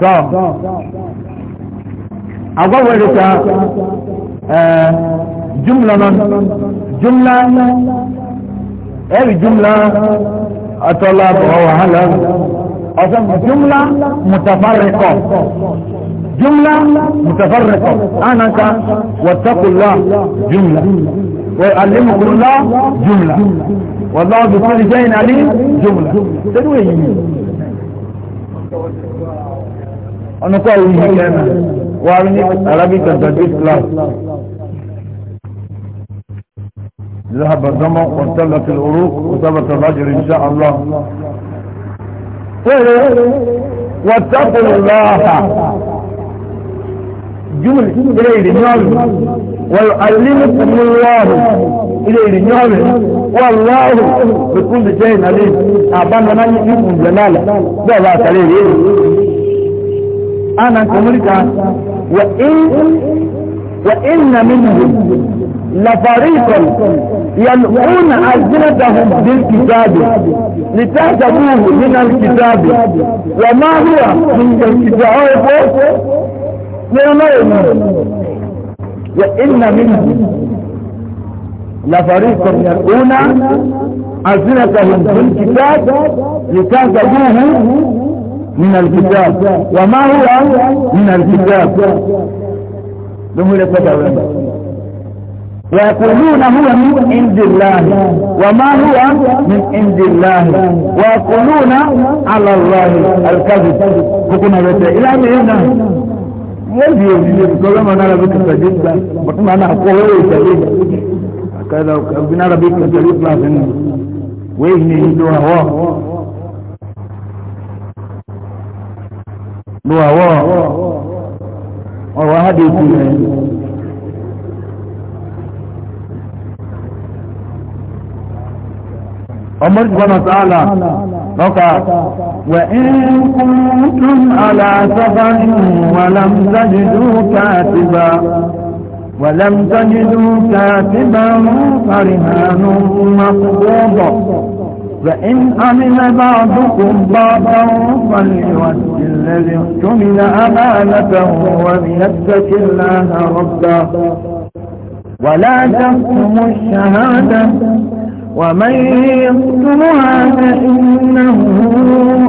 طب أقول لك جملة من جملة أي جملة أطلب وهو هلم أظن جملة متفرقة جملة متفرقة أنا ك واتقوا الله جملة ويعلمكم الله جملة والله بكل شيء عليم جملة تدوي أنا قوي كان وأبني عربي تدريس كلاس ذهب الدم وانتلت العروق وثبت الأجر إن شاء الله واتقوا الله جمل إليه النعم ويعلمكم الله إليه النعم والله بكل شيء عليم أبانا ما يجيكم جلالا ده الله تعالى أنا كملك وإن وإن منهم لفريقا يلقون ألسنتهم بالكتاب لتحسبوه من الكتاب وما هو من الكتاب من الله وإن منهم لفريق يلقون ألسنتهم بالكتاب لتحسبوه من الكتاب وما هو من الكتاب لم يلقون ويقولون هو من عند الله وما هو من عند الله ويقولون على الله الكذب حكم هذا الى مين يجي يجي كلما انا بك سجدت بطن انا اقول كذا بنا بك سجدت لا وين يدوا هو دوا هو وهو عمر سبحانه وتعالى ركع وإن كنتم على سفر ولم تجدوا كاتبا ولم تجدوا كاتبا فرهان مقبوضا فإن أمن بعضكم بعضا فليؤد الذي احتمل أمانته وليتك الله ربا ولا تكتموا الشهادة ومن يقتلها فإنه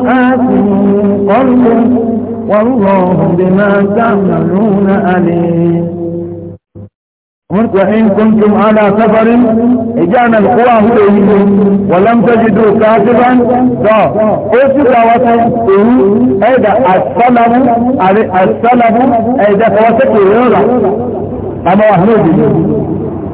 آثم قلبه والله بما تعملون أليم وإن كنتم على سفر إجعنا القوى إليكم ولم تجدوا كاتبا دا أوسط وسطه أيضا السلم السلم أيضا وسطه أما أهل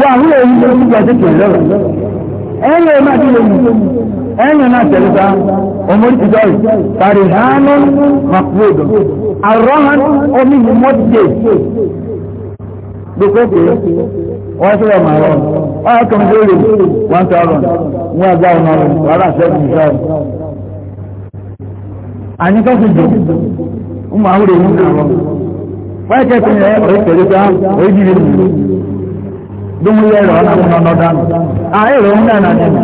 wà ní èyí tó ti gbà tètè lọ́rọ̀ ẹ̀yìn ọ̀nà àti lèyìn ẹ̀yìn ọ̀nà àtẹ̀lẹ́ta ọmọdé sọ́ọ̀rì parí hánú makuwedo àrọ́hán omi ni mọ́tìdé gbogbo pé wọ́n ṣe wà máa rọrùn wọ́n á kàn dé rè one thousand wọ́n àgbà ọ̀nà rẹ̀ wàhálà seven thousand. àyíká ti dùn ó máa ń rè é ní àwọn. wọ́n á kẹ́kọ̀ọ́ yẹn ó kẹ́lẹ́ ká ó yí nínú dùn yẹ rọ náà nọ nọdánù àìrò ń náà nàní nà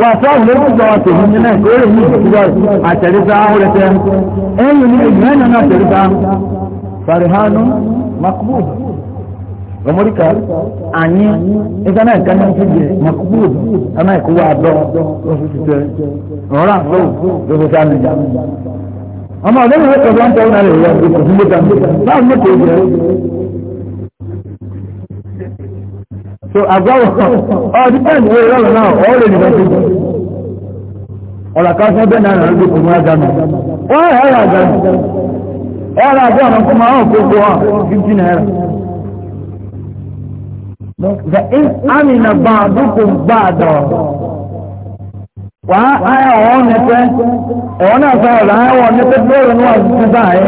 wà sáwọn lórí ìjọ wa tòun ní náà kórè ní ìjọba àtẹrísà ahórẹsẹ ẹyìn ní ìlú ẹyìn náà àtẹrísà farihanu makbul lọmọdéka anyi ẹgbẹ náà nǹkan náà ti jẹ makbul ẹnà ẹkọ wa dọ lọsọ títẹ rọra àpò lọsọ sani ọmọ ọdẹ mi wọ́n kọ̀ fún ọ̀tọ̀ ọ̀nà rẹ̀ wọ́n kọ̀ fún mọ́tà náà mọ́tò ìjẹ so agbawo ọ dípẹ́ǹdì wo ìrọ̀rùn náà ọ̀ lè nìkan tó jù ọ̀rọ̀ kan fún bẹ́ẹ̀ náà rẹ̀ ló kùn mọ́ ajá mi wọ́n rẹ̀ ọ̀rọ̀ ajá mi ọ̀rọ̀ ajá ọ̀nà kó máa hàn gbogbo hàn fifty naira. the army na ba àdúgbò gbà dọ̀ wàá ayé ọ̀wọ́ nẹ́tẹ́ ẹ̀wọ́n náà sọ̀rọ̀ ayé ọ̀wọ́ nẹ́tẹ́ tó rẹ̀ níwájú ti báyìí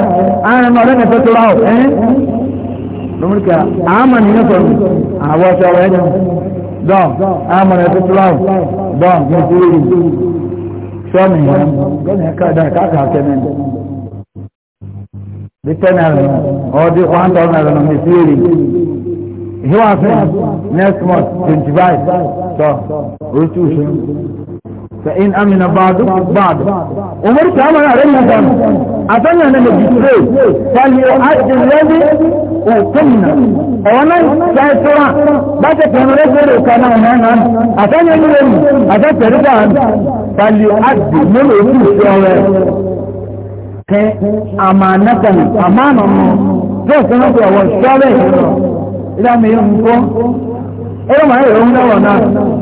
ayé ọ̀rẹ́ nẹ́tẹ́ tó rà ọ̀ lómìnkà àmà nínú sọ̀rọ̀ àwọ̀ sọ̀rọ̀ ẹ̀dùn dọ́n àmà rẹ̀ tuntun láwù dọ́n ní ìdílé yìí sọ́ọ̀nì yẹn gọ́nà ẹ̀ka dá káàkà kẹ́mẹ́ bí tẹ́nà rẹ̀ ọdí one thousand rẹ̀ ní ìdílé yìí ìhíwàsí next month twenty five sọ oṣù ṣe. فإن أمن بعضكم بعض أمرت أمر عليهم أظن أن الجسر فليؤد الذي أوتمنا ومن سيطرع بعد تنرفر كان هنا أظن أن الجسر أظن ترجع فليؤد من أوتمنا أمانتنا أماننا كيف نقول والشابه إلى ما يمكن إلى ما يمكن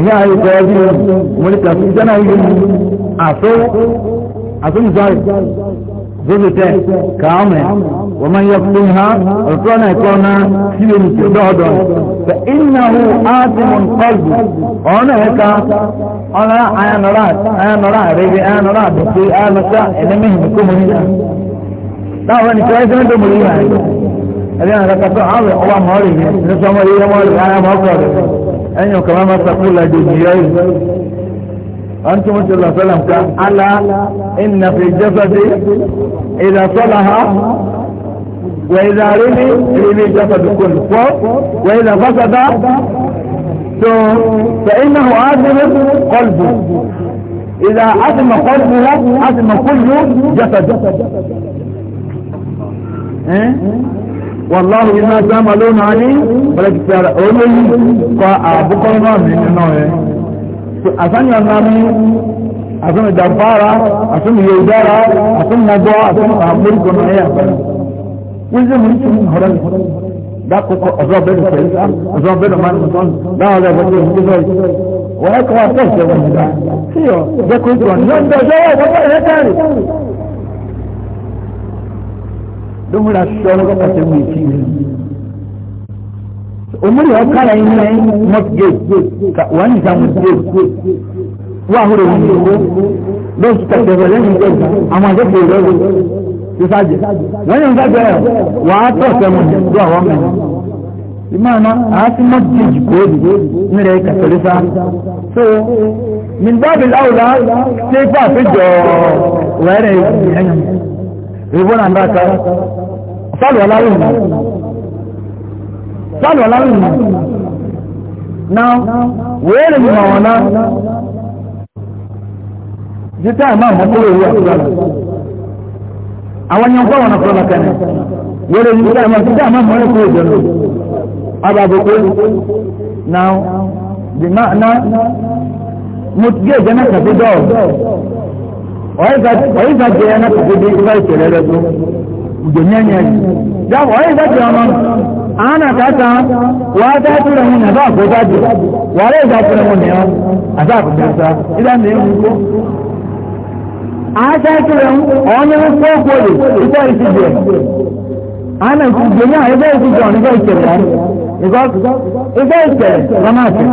ìyá ayẹyẹ ọdún mọ̀lẹ́kà fún jẹ́nà ìlú àfó àfóǹzárì zozete kaame ومن يقلها ربنا يكون سيدنا تدهدا فإنه آثم قلب أنا هكا أنا أنا لا أنا لا ريبي أنا لا بسي أنا لا إذا مهم كم هنا لا هو نكاية من دمريها أنا لا تفعل الله مالي نسوى مريم مالي أنا مالي ẹ̀yìn ọ̀kan máa sàkúrò lájò ìyá yìí wọ́n tí wọ́n ti lọ sọ́lá nǹkan alá ìnàfẹ́ jẹ́sọ́dé ìdásọ́lá ha وإذا رمي رمي الجسد كله وإذا فسد فإنه عازم قلبه إذا عزم قلبه عزم كل جسد إيه؟ wàláhùn iná sáàmà lónà á ní pẹ̀lẹ́kìtì ara olóyìn kọ àbúkọ́ náà mi nínú rẹ̀ àsánìyàn náà mi àtúnmì dàbára àtúnmì yorùdára àtúnmì nàgbọ́ àtúnmì àmúrúkọ náà ẹ̀yà pẹ̀lú wọ́n sì mú ní tún ọ̀rẹ́ mi dákòókò ọ̀zọ́ bẹ́ẹ̀ pẹ̀lú ọ̀zọ́ bẹ́ẹ̀ máa ń sọ́n dáhùn ọ̀rẹ́ bẹ́ẹ̀ pẹ̀lú ọ̀zọ́ yìí wọ́n ẹ̀kọ́ wa tẹ̀sẹ̀ wọn nígbà sí ọ̀ don ra tsoro ga kace mai ci umar ya kala yin nan mosgate ka wani ta mosgate wa hore wani ko don su kace ba zan yi amma da ke rogo su saje wani ga ga wa to sai mun zuwa wannan imana a ti mosgate ko di ne ka tsarisa so min babil aula sai fa fi jo wani yanyan ribon ba ta sálù ọláyìn sálù ọláyìn náà wéèrè mi mọ̀ wọn náà jíjá ẹ̀ máa mọ̀ kúrò ìwé àkúrà náà àwọn yẹn kọ́ wọn àkúrà náà kẹ́ni wéèrè mi jíjá ẹ̀ máa jíjá ẹ̀ máa mọ̀ kúrò ìjọ náà abàbòkú náà bí máa náà mo gé ìjẹ́ náà kàfi dọ́ọ̀ ọ̀yíká jẹ́ náà kàfi dé ìwé ìṣẹ̀lẹ̀ rẹ̀ tó ujenyenye jambo hili basi mama ana kata watatu na mwenye ndio kutatu wale za kuna mwenye asa kutata ila ndio huko asa kuna ona huko kweli ita isije ana kujenya hizo hizo ni kwa ikera because hizo ikera mamake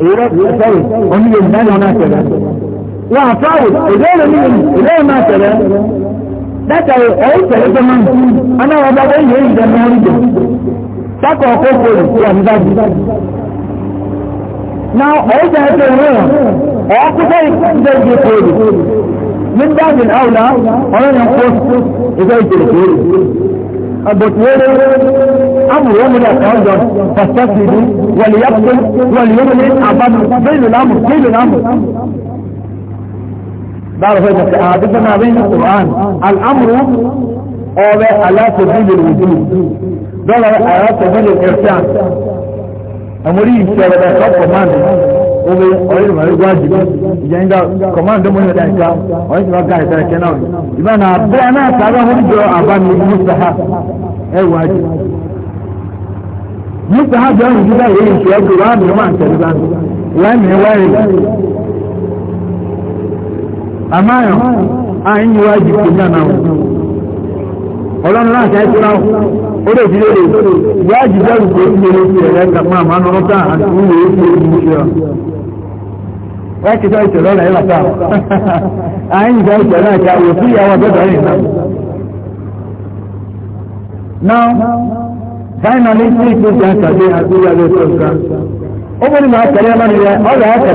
ira sawi oni ndio nani anacheza wa sawi ndio nini ndio anacheza dáta ẹ̀rí tẹ̀lé tó máa ń anáwọ̀ bá bẹ́ẹ̀ yẹ ìdẹ máa ń dò sákọ̀ ọkọ̀ kòrò sí àmìbájú. na ẹ̀rí tẹ̀lé tó ń rìn ẹ̀yà kúkọ́ ìgbẹ́ ìdè kòrò nígbà tí àwùlá ọ̀rọ̀ yẹn kó ìgbẹ́ ìdè kòrò. أبوتيري أمر يوم الأسعود فاستفيدوا وليقتل وليملي أبدا بين الأمر بين الأمر بعد ذلك تعارفنا بين القرآن الأمر أو على سبيل الوجود دول على سبيل الإرسال أمري سيادة خط كمان obe ọ̀rẹ́ ìmọ̀ ẹgbẹ́ àjùlọ ìjẹ́ ń dá kọ̀máǹdé mọ́ ìrẹ̀dá ìta ọ̀rẹ́ ìmọ̀ ọ̀gá ìta ẹ̀kẹ́ náà ìbá na abẹ́ náà sábà wọ́n jọ àbámi mùsàhà ẹ̀wọ̀ àjù mùsàhà jọ ìdílé ìrìn ìṣẹ́ ẹgbẹ̀rún àmì ọmọ àǹtẹ̀lẹ́gbẹ̀rún wẹ́ẹ̀mì wẹ́ẹ̀rì àmáyà àyìn ìwájú kò dáná o ọlọ́run náà ṣe é tura o ó lè fi léèrè ìwájú dẹ́rù kò tún lè fi ẹ̀rẹ́ kà máa máa nọ́rọ́ tá àti wúwo ó fi èyí ṣe ọ. wọ́n ti sọ ìṣẹ̀lẹ̀ ọ̀la yìí bàtà àyìn ìgbà ìṣẹ̀lẹ̀ àti àwọ̀ sí ìyàwó ọ̀dọ́dọ̀ yìí náà. now finally three christians àti àti ìyàwó ìṣẹ̀lẹ̀ ó bó ni màá tẹ̀lé ọlọ́run rẹ ọ̀rọ̀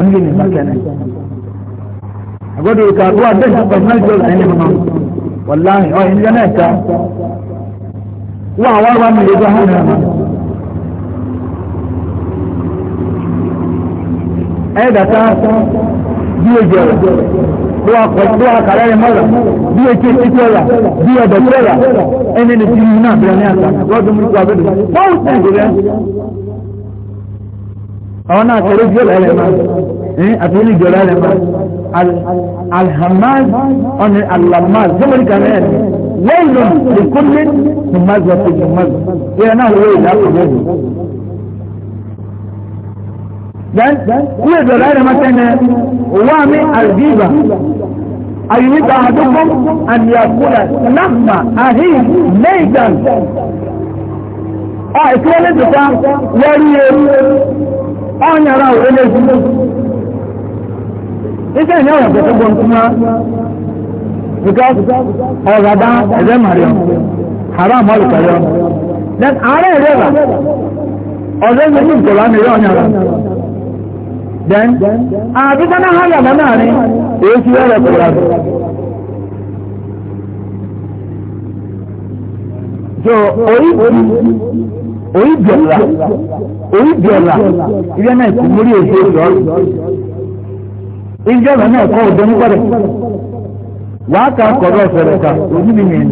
wani ne ba kenan a gwada ka ruwa da shi personal job ne ma wallahi oh in yana ka wa wa wa mai ga hana ma ai da ta biye jara ruwa ko ruwa karare mara biye ke ikora biye da tsara ene ne jini na bayani aka gwada mu ko abin da ko sai gobe أنا أتريد جل أنا أتريد جل أنا الحماس أن أنا كما كان أنا إيه؟ ويل لكل إيه أنا وفي همز أنا هو ويل أقول له أنا ku da أنا mata ne أنا mi aljiba أنا ta dukum an ya kula nahma ahi meidan a ikwale da ta yari ọ̀nyàrá òwúlé ìdílé iṣẹ́ ìní ọ̀rọ̀ tó gbọ́n tún wá because ọ̀rọ̀ dá ẹ̀rẹ́ màríọ̀ haram ọ̀lùkọ̀yọ̀ then ààrẹ ẹ̀rẹ́ rà ọ̀rẹ́ méjì ìkọ̀rọ̀ àmì rẹ̀ ọ̀nyàrá then àbíkọ́ náà hàn yàgbọ́n náà rí èyí tí wọ́n rẹ̀ kọ̀rọ̀ àbí. so orí orí bìọ̀là orí bìọ̀là ilé náà kò mórí èdè ìjọ́rù ìjọ́rù náà kọ́ òdó ní pẹ́rẹ́ wàá ká kọ̀rọ̀ ọ̀sẹ̀rẹ̀ ká òní mi nìyẹn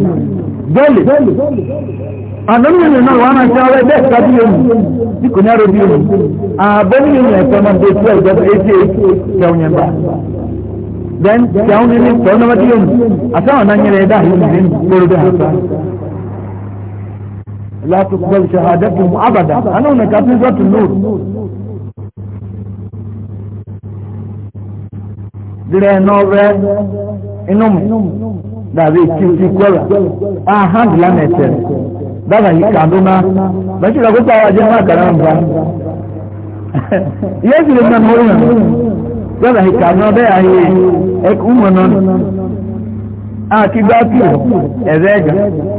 bẹ́ẹ̀lì àdánwìnrin náà wàá máa ṣe ọrẹ bẹ́ẹ̀ sábí omi tí kò ní àrò bí omi àbẹ́nìyàn ẹ̀fọ́ máa ń bẹ tí ọ̀jọ́ ètí ètí ẹ̀wọ̀n yẹn bá then ẹ̀wọ̀n yẹn ní tọ́nà wá dí omi àtàwọn náà nyẹrẹ ẹ̀dá àyè لا تقبل شهادتهم أبدا أنا هناك أبنزة النور dire nove inum da bi kiti kwala a hand la meter da ba yi kaduna ba shi da kuka wajen ma karam ba yesu le nan mori nan da ba yi ya e a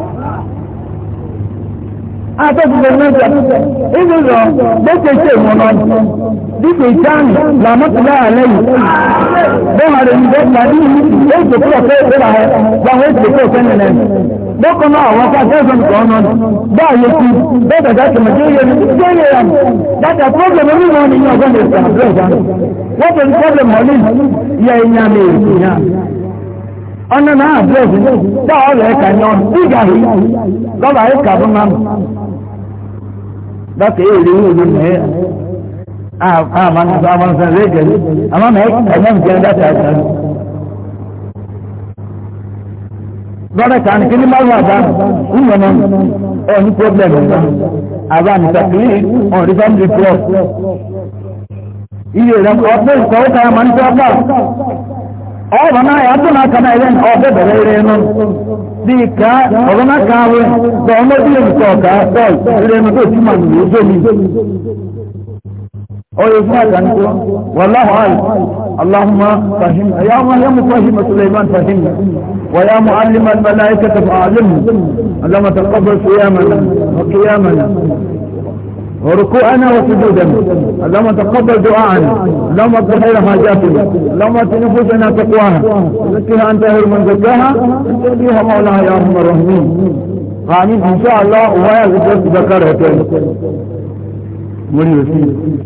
atọ́gbọ̀n nígbà inú lọ bẹ́sẹ̀ ṣe ìmọ̀nà dípò ìjáàmì làmọ́tìlá àlẹ́yìn bẹ́hàrẹ̀ ní bẹ́ẹ̀ta ní ìlú èjò tó ọ̀fẹ́ ìpínlẹ̀ rẹ̀ gbàwọ́ èjò tó ọ̀fẹ́ nílẹ̀ bọ́kànlá àwọn akẹ́kọ̀ọ́ nǹkan ọ̀nà báyé kú bẹ́ẹ̀ tàbí àtìmọ̀tí yẹn ní tó yẹ yà mí dáta problem onímọ̀ ní ọgbọ́n lè sàn àbúrò ìjà wọ́n tó ní problem ọ̀lẹ́ yẹ ìyá mi ìyá ọ̀nà náà àbúrò ìjà dáa ọ̀rọ̀ ẹ̀ka ní ọ̀nà ìgbà yìí lọ́ba ẹ̀ka fún mamá bákan yóò rí wúwo lónìí ẹ àmàlùfẹ́ lẹ́jẹ̀ ní àmàmẹ́ ẹ̀mẹ́mìkẹ́ dáta ẹ̀sán. lọ́dọ̀ kan kí ní máa wà bá ìyẹn ẹ̀ ní pọ́blẹ̀mù náà àbá nìtàkìlì ọ̀rí family club. iye rẹ̀ ọ̀pẹ́ ìkọ̀wé kan máa ń ọba náà náà yẹn ọbẹ bẹrẹ rẹ nù bí ká ọba náà ká ọmọ bí lè sọ ọgá bọọlù rẹ nù tó túmọ̀ nù ló mi. ọyọ fún àtàntó wàláhù àlù aláhùmá fàhìm ẹ̀yà ọmọ yẹn mú fàhìm suleiman fàhìm wàyà mú alimá balá ẹ̀kẹ́tẹ̀ fàhìm alámọ̀tàkọ́bọ̀ suyàmánà ọ̀kẹ́yàmánà. وركوعنا وسجودنا اللهم تقبل دعاءنا اللهم اطهر حاجاتنا اللهم ات نفوسنا تقواها زكها انت خير من زكاها انت وليها مولاها يا ارحم الراحمين آمين ان شاء الله وهي ذكرت ذكرها تاني مريض